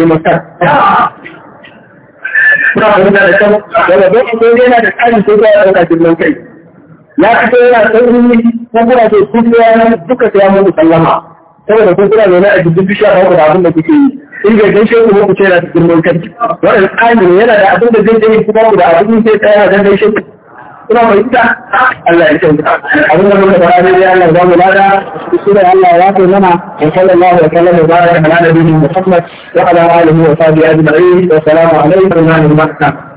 da daga yana da tsarin sai ya kai. Ya yana ko kuna ce kuma duka sai ya sallama. saboda kun kuna zaune a jirgin bishiya ba ku da abin da kuke yi in ga gaishe ku ba ku ce na girman kai wannan tsamin yana da abin da zai yi kuma da abin da zai tsaya don gaishe kuna mai ita Allah ya kyauta abin da muka fara ne Allah ya mu lada shi da Allah ya kai mana sallallahu alaihi wa sallam wa baraka ala nabiyyi Muhammad wa ala alihi wa sahbihi ajma'in wa assalamu alaikum wa rahmatullahi wa barakatuh